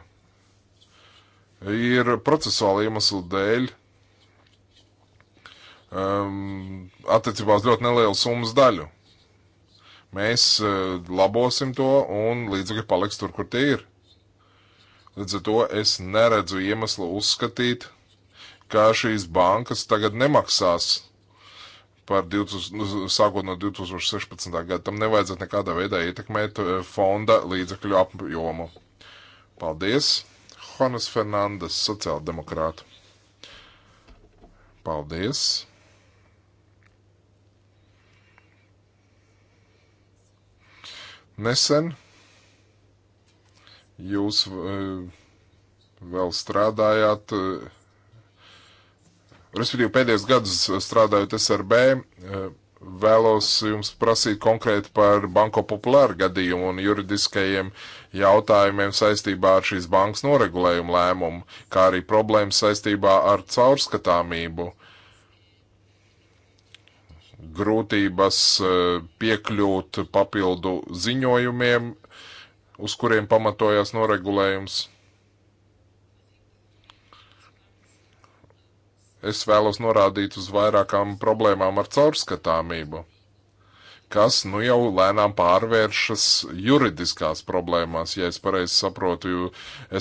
ir procesuāla iemesla dēļ um, attiecībā uz ļoti nelielu summas daļu. Mēs uh, labosim to un līdzekļi paliks tur, kur tie ir. Līdz ar to es neredzu iemeslu uzskatīt, ka šīs bankas tagad nemaksās par 2000, nu, sākot no 2016. gada. Tam nevajadzētu nekādā veidā ietekmēt eh, fonda līdzekļu apjomu. Paldies! Juanas Fernandes, sociāldemokrāta. Paldies! nesen. Jūs eh, vēl strādājāt, eh, respektīvi pēdējos gadus strādājot SRB, eh, vēlos jums prasīt konkrēti par Banko Populāru gadījumu un juridiskajiem jautājumiem saistībā ar šīs bankas noregulējumu lēmumu, kā arī problēmas saistībā ar caurskatāmību. Uh, grūtības eh, piekļūt papildu ziņojumiem, uz kuriem pamatojās noregulējums. Es vēlos norādīt uz vairākām problēmām ar caurskatāmību, kas nu jau lēnām pārvēršas juridiskās problēmās, ja es pareizi saprotu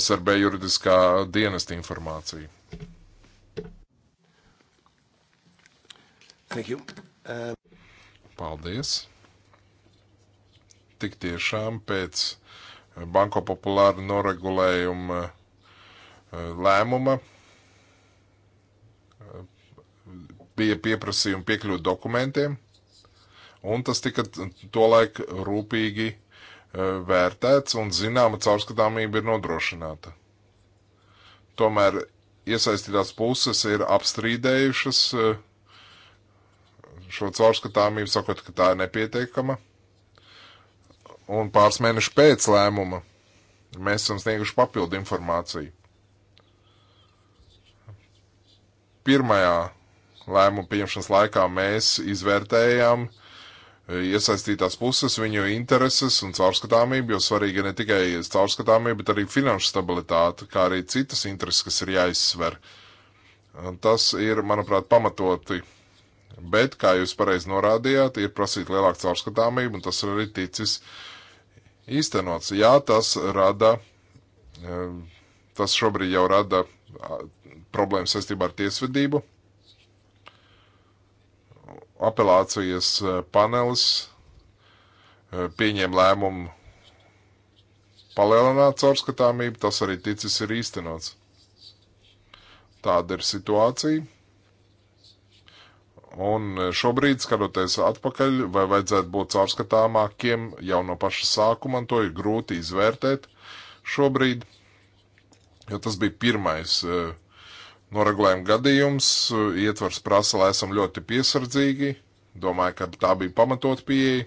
SRB juridiskā dienesta informāciju. Thank you. Paldies! Tik tiešām pēc banko populāra noregulējuma eh, lēmuma eh, bija pieprasījumi piekļūt dokumentiem, un tas tika tolaik rūpīgi eh, vērtēts, un zināma caurskatāmība ir nodrošināta. Tomēr iesaistītās puses ir apstrīdējušas uh, šo caurskatāmību, sakot, ka tā ir nepietiekama. Un pāris mēnešu pēc lēmuma mēs esam snieguši papildu informāciju. Pirmajā lēmuma pieņemšanas laikā mēs izvērtējām e, iesaistītās puses, viņu intereses un caurskatāmību, jo svarīga ne tikai caurskatāmība, bet arī finanšu stabilitāte, kā arī citas intereses, kas ir jāizsver. Un tas ir, manuprāt, pamatoti Bet, kā jūs pareizi norādījāt, ir prasīta lielāka caurskatāmība, un tas arī ticis īstenots. Jā, tas rada, e, tas šobrīd jau rada problēmas saistībā ar tiesvedību. Apelācijas e, panelis e, pieņēma lēmumu palielināt caurskatāmību, tas arī ticis ir īstenots. Tāda ir situācija. Un e, šobrīd, skatoties atpakaļ, vai vajadzētu būt caurskatāmākiem jau no paša sākuma, to ir grūti izvērtēt šobrīd, jo tas bija pirmais e, noregulējuma gadījums. Ietvars prasa, lai esam ļoti piesardzīgi. Domāju, ka tā bija pamatot pieeja.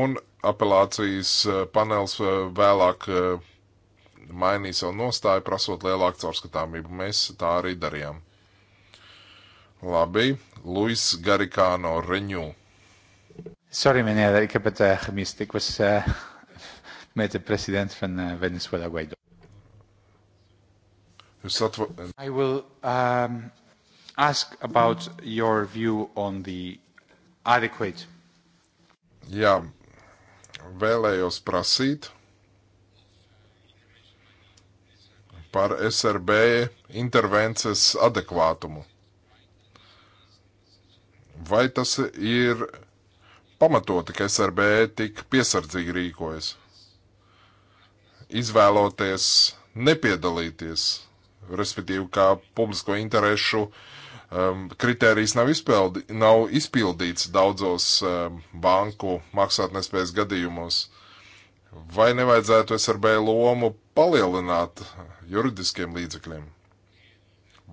Un apelācijas e, panels vēlāk mainīja savu nostāju, prasot lielāku caurskatāmību. Mēs tā arī darījām. Labi, Luis Garikāno Reņū. Sorry, man jādarīja, bet uh, eh, mistake was uh, eh, made the president from uh, eh, Venezuela Guaido. Jūs atva... I will um, ask about your view on the adequate. Jā, vēlējos prasīt par SRB intervences adekvātumu. Vai tas ir pamatoti, ka SRB tik piesardzīgi rīkojas, izvēloties nepiedalīties, respektīvi, kā publisko interešu um, kritērijs nav, izpildi, nav izpildīts daudzos um, banku maksātnespējas gadījumos? Vai nevajadzētu SRB lomu palielināt juridiskiem līdzekļiem?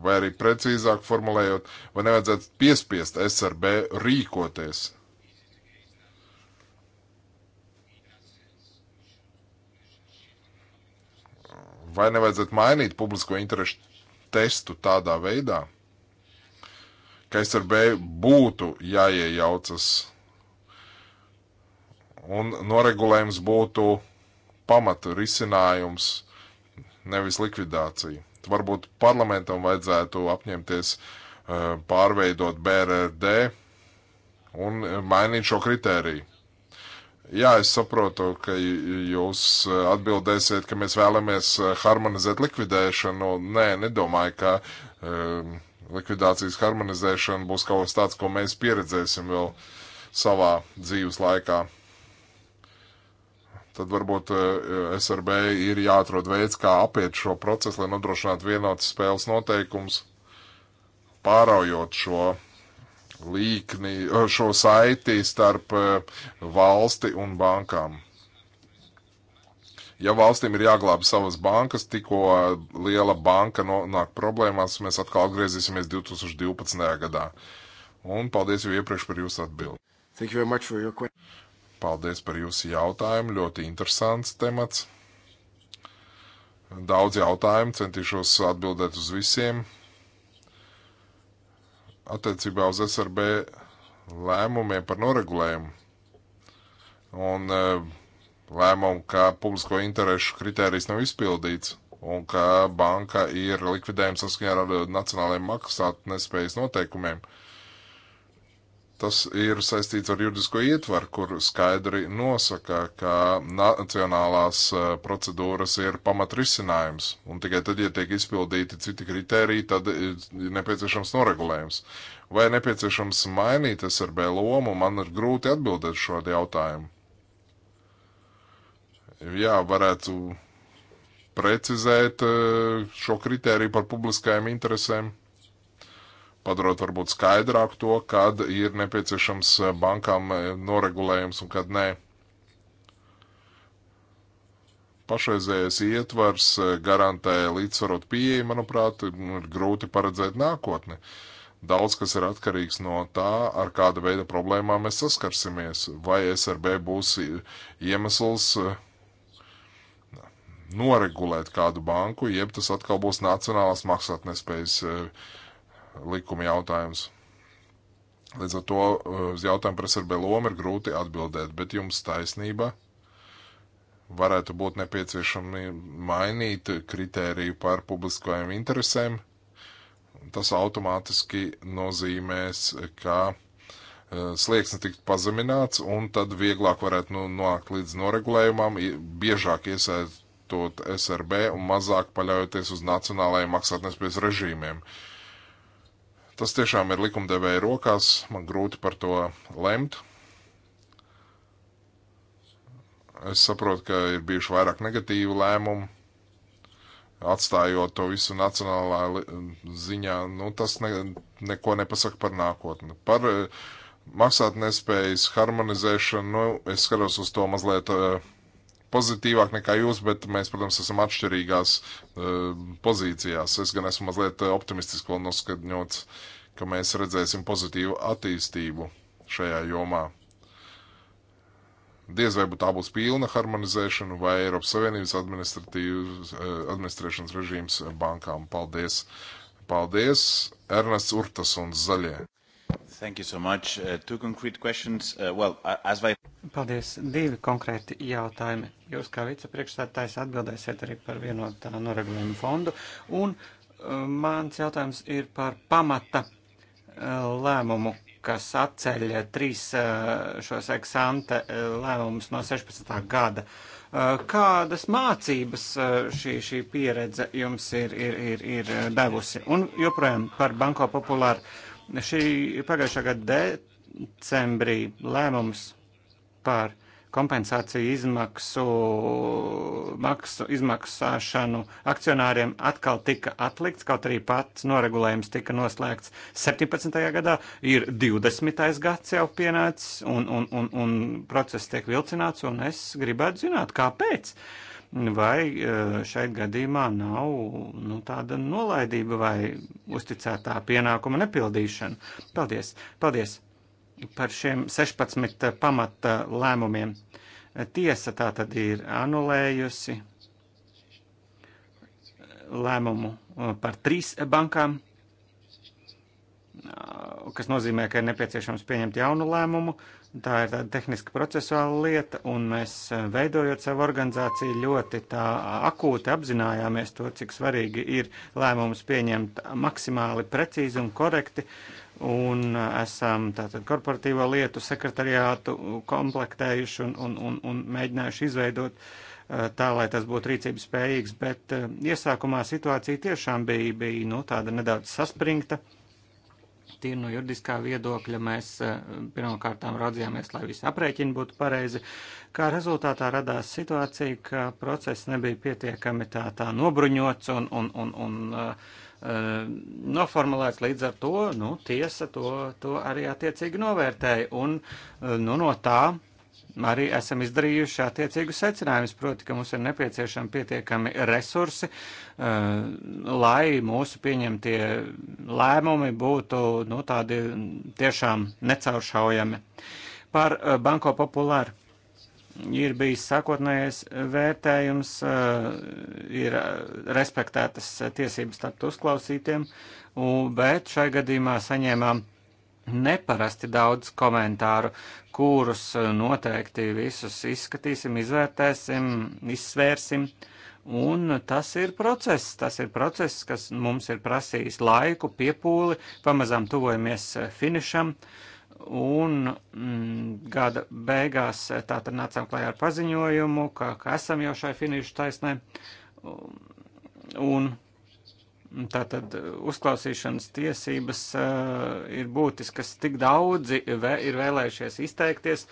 vai arī precīzāk formulējot, vai nevajadzētu piespiest SRB rīkoties. Vai nevajadzētu mainīt publisko interešu testu tādā veidā, ka SRB būtu jāiejaucas un noregulējums būtu pamatu risinājums, nevis likvidācija. Varbūt parlamentam vajadzētu apņemties eh, pārveidot BRRD un mainīt šo kritēriju. Jā, es saprotu, ka jūs atbildēsiet, ka mēs vēlamies eh, harmonizēt likvidēšanu. Nē, nedomāju, ka um, likvidācijas harmonizēšana būs kaut kas tāds, ko mēs pieredzēsim vēl savā dzīves laikā tad varbūt eh, SRB ir jāatrod veids, kā apiet šo procesu, lai nodrošinātu vienotas spēles noteikums, pāraujot šo līkni, eh, šo saiti starp eh, valsti un bankām. Ja valstīm ir jāglāba savas bankas, tikko liela banka nonāk problēmās, mēs atkal atgriezīsimies 2012. gadā. Un paldies jau iepriekš par jūsu atbildi. Thank you very much for your question. Paldies par jūsu jautājumu. Ļoti interesants temats. Daudz jautājumu, centīšos atbildēt uz visiem. Attiecībā uz SRB lēmumiem par noregulējumu un e, lēmumu, ka publisko interesu kritērijs nav izpildīts un ka banka ir likvidējuma saskaņā ar nacionālajiem maksāt nespējas noteikumiem. Uh, Tas ir saistīts ar juridisko ietvaru, kur skaidri nosaka, ka nacionālās eh, procedūras ir pamatrisinājums, un tikai tad, ja tiek izpildīti citi kriteriji, tad eh, ir nepieciešams noregulējums. Vai nepieciešams mainīt SRB lomu, man ir grūti atbildēt šo jautājumu. Jā, varētu precizēt eh, šo kriteriju par publiskajām interesēm padarot varbūt skaidrāk to, kad ir nepieciešams bankām noregulējums un kad nē. Pašreizējais ietvars garantē līdzsvarot pieeju, manuprāt, ir grūti paredzēt nākotni. Daudz kas ir atkarīgs no tā, ar kāda veida problēmām mēs saskarsimies, vai SRB būs iemesls noregulēt kādu banku, jeb tas atkal būs nacionālās maksātnespējas uh, likuma jautājums. Līdz ar to eh, uz jautājumu par SRB lomu ir grūti atbildēt, bet jums taisnība varētu būt nepieciešami mainīt kritēriju par publiskajām interesēm. Tas automātiski nozīmēs, ka eh, slieksnis tiktu pazemināts, un tad vieglāk varētu nu, nonākt līdz noregulējumam, biežāk iesaistot SRB un mazāk paļaujoties uz nacionālajiem maksātnespējas režīmiem. Uh, Tas tiešām ir likumdevēja rokās, man grūti par to lemt. Es saprotu, ka ir bijuši vairāk negatīvu lēmumu, atstājot to visu nacionālā ziņā. Nu, tas ne, neko nepasaka par nākotni. Par eh, maksātnespējas harmonizēšanu, nu, es skatos uz to mazliet uh, pozitīvāk nekā jūs, bet mēs, protams, esam atšķirīgās uh, pozīcijās. Es gan esmu mazliet eh, optimistiski vēl noskaņots, ka mēs redzēsim pozitīvu attīstību šajā jomā. Diez vai tā būs pilna harmonizēšana vai Eiropas Savienības administratīvas, uh, eh, administrēšanas režīms bankām. Paldies! Paldies! Ernests Urtas un Zaļie! Thank you so much. Uh, two concrete questions. Uh, well, uh, as I... Paldies. Divi konkrēti jautājumi. Jūs kā vicepriekšstādājs atbildēsiet arī par vienotā noregulējuma fondu. Un uh, mans jautājums ir par pamata uh, lēmumu, kas atceļ uh, trīs šos eksante lēmumus no 16. gada. Kādas mācības šī, šī pieredze jums ir, ir, ir, ir devusi? Un joprojām par Banko populāru Šī pagājušā gada decembrī lēmums par kompensāciju izmaksu, maksu, izmaksāšanu akcionāriem atkal tika atlikts, kaut arī pats noregulējums tika noslēgts 17. gadā, ir 20. gads jau pienācis, un, un, un, un process tiek vilcināts, un es gribētu zināt, kāpēc. Uh, vai e, šeit gadījumā nav nu, tāda nolaidība vai uzticētā pienākuma nepildīšana. Paldies! Paldies! Par šiem 16 pamata lēmumiem. Tiesa tā tad ir anulējusi lēmumu e, par trīs bankām, kas nozīmē, ka ir nepieciešams pieņemt jaunu lēmumu. Uh, Tā ir tāda tehniska procesuāla lieta, un mēs e, veidojot savu organizāciju ļoti tā akūti apzinājāmies to, cik svarīgi ir lēmumus pieņemt maksimāli precīzi un korekti, un e, esam tātad korporatīvo lietu sekretariātu komplektējuši un, un, un, un mēģinājuši izveidot e, tā, lai tas būtu rīcības spējīgs, bet iesākumā situācija tiešām bija, bija nu, tāda nedaudz saspringta. Uh, tīri no juridiskā viedokļa mēs eh, pirmkārtām raudzījāmies, lai visi aprēķini būtu pareizi. Kā rezultātā radās situācija, ka process nebija pietiekami tā, tā nobruņots un, un, un, un uh, noformulēts līdz ar to, nu, tiesa to, to arī attiecīgi novērtēja. Un nu, no tā arī esam izdarījuši attiecīgu secinājumus, proti, ka mums ir nepieciešami pietiekami resursi, eh, lai mūsu pieņemtie lēmumi būtu nu, tādi tiešām necauršaujami. Par eh, Banko Populāru ir bijis sākotnējais vērtējums, eh, ir respektētas tiesības starp uzklausītiem, bet šai gadījumā saņēmām neparasti daudz komentāru, kurus e, noteikti visus izskatīsim, izvērtēsim, izsvērsim. Un tas ir process, tas ir process, kas mums ir prasījis laiku, piepūli, pamazām tuvojamies e, finišam. Un mm, gada beigās e, tātad nācām klajā ar paziņojumu, ka, ka esam jau šai finišu taisnē. Un, un Tātad uh, uzklausīšanas tiesības uh, ir būtiskas. Tik daudzi vē, ir vēlējušies izteikties,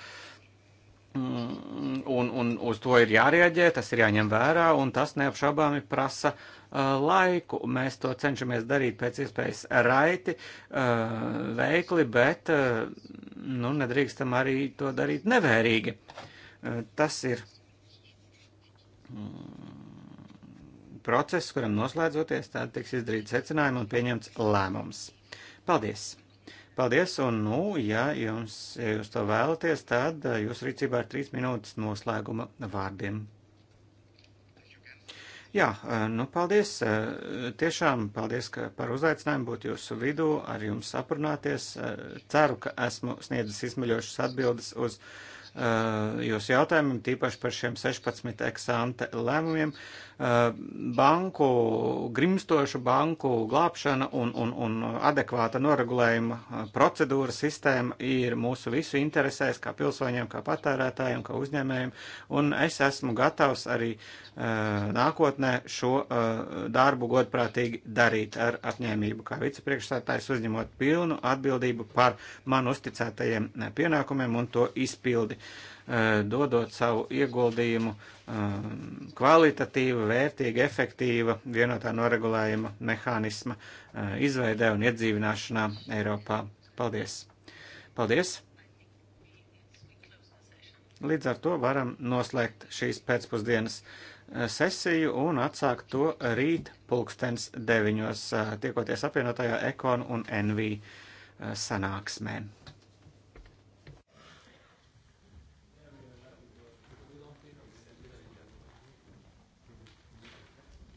mm, un, un uz to ir jārieģē, tas ir jāņem vērā, un tas neapšaubāmi prasa uh, laiku. Mēs to cenšamies darīt pēc iespējas raiti, uh, veikli, bet uh, nu, nedrīkstam arī to darīt nevērīgi. Uh, tas ir. Mm, process, kuram noslēdzoties tad tiks izdarīts secinājumi un pieņemts lēmums. Paldies! Paldies, un, nu, ja jums, ja jūs to vēlaties, tad eh, jūsu rīcībā ir trīs minūtes noslēguma vārdiem. Jā, eh, nu paldies. Eh, tiešām paldies par uzaicinājumu būt jūsu vidū, ar jums aprunāties. Ceru, ka esmu sniedzis izmaļošas atbildes uz jūsu jautājumiem, tīpaši par šiem 16 eksante lēmumiem. Eh, banku, grimstošu banku glābšana un, un, un adekvāta noregulējuma eh, procedūra sistēma ir mūsu visu interesēs, kā pilsoņiem, kā patērētājiem, kā uzņēmējiem, un es esmu gatavs arī eh, nākotnē šo darbu godprātīgi darīt ar apņēmību, kā vicepriekšsētājs uzņemot pilnu atbildību par man uzticētajiem pienākumiem un to izpildi. Uh, Eh, dodot savu ieguldījumu eh, kvalitatīva, vērtīga, efektīva vienotā noregulējuma mehānisma eh, izveidē un iedzīvināšanā Eiropā. Paldies! Paldies! Līdz ar to varam noslēgt šīs pēcpusdienas sesiju un atsākt to rīt pulkstens deviņos, tiekoties apvienotajā Ekon un NV sanāksmēm.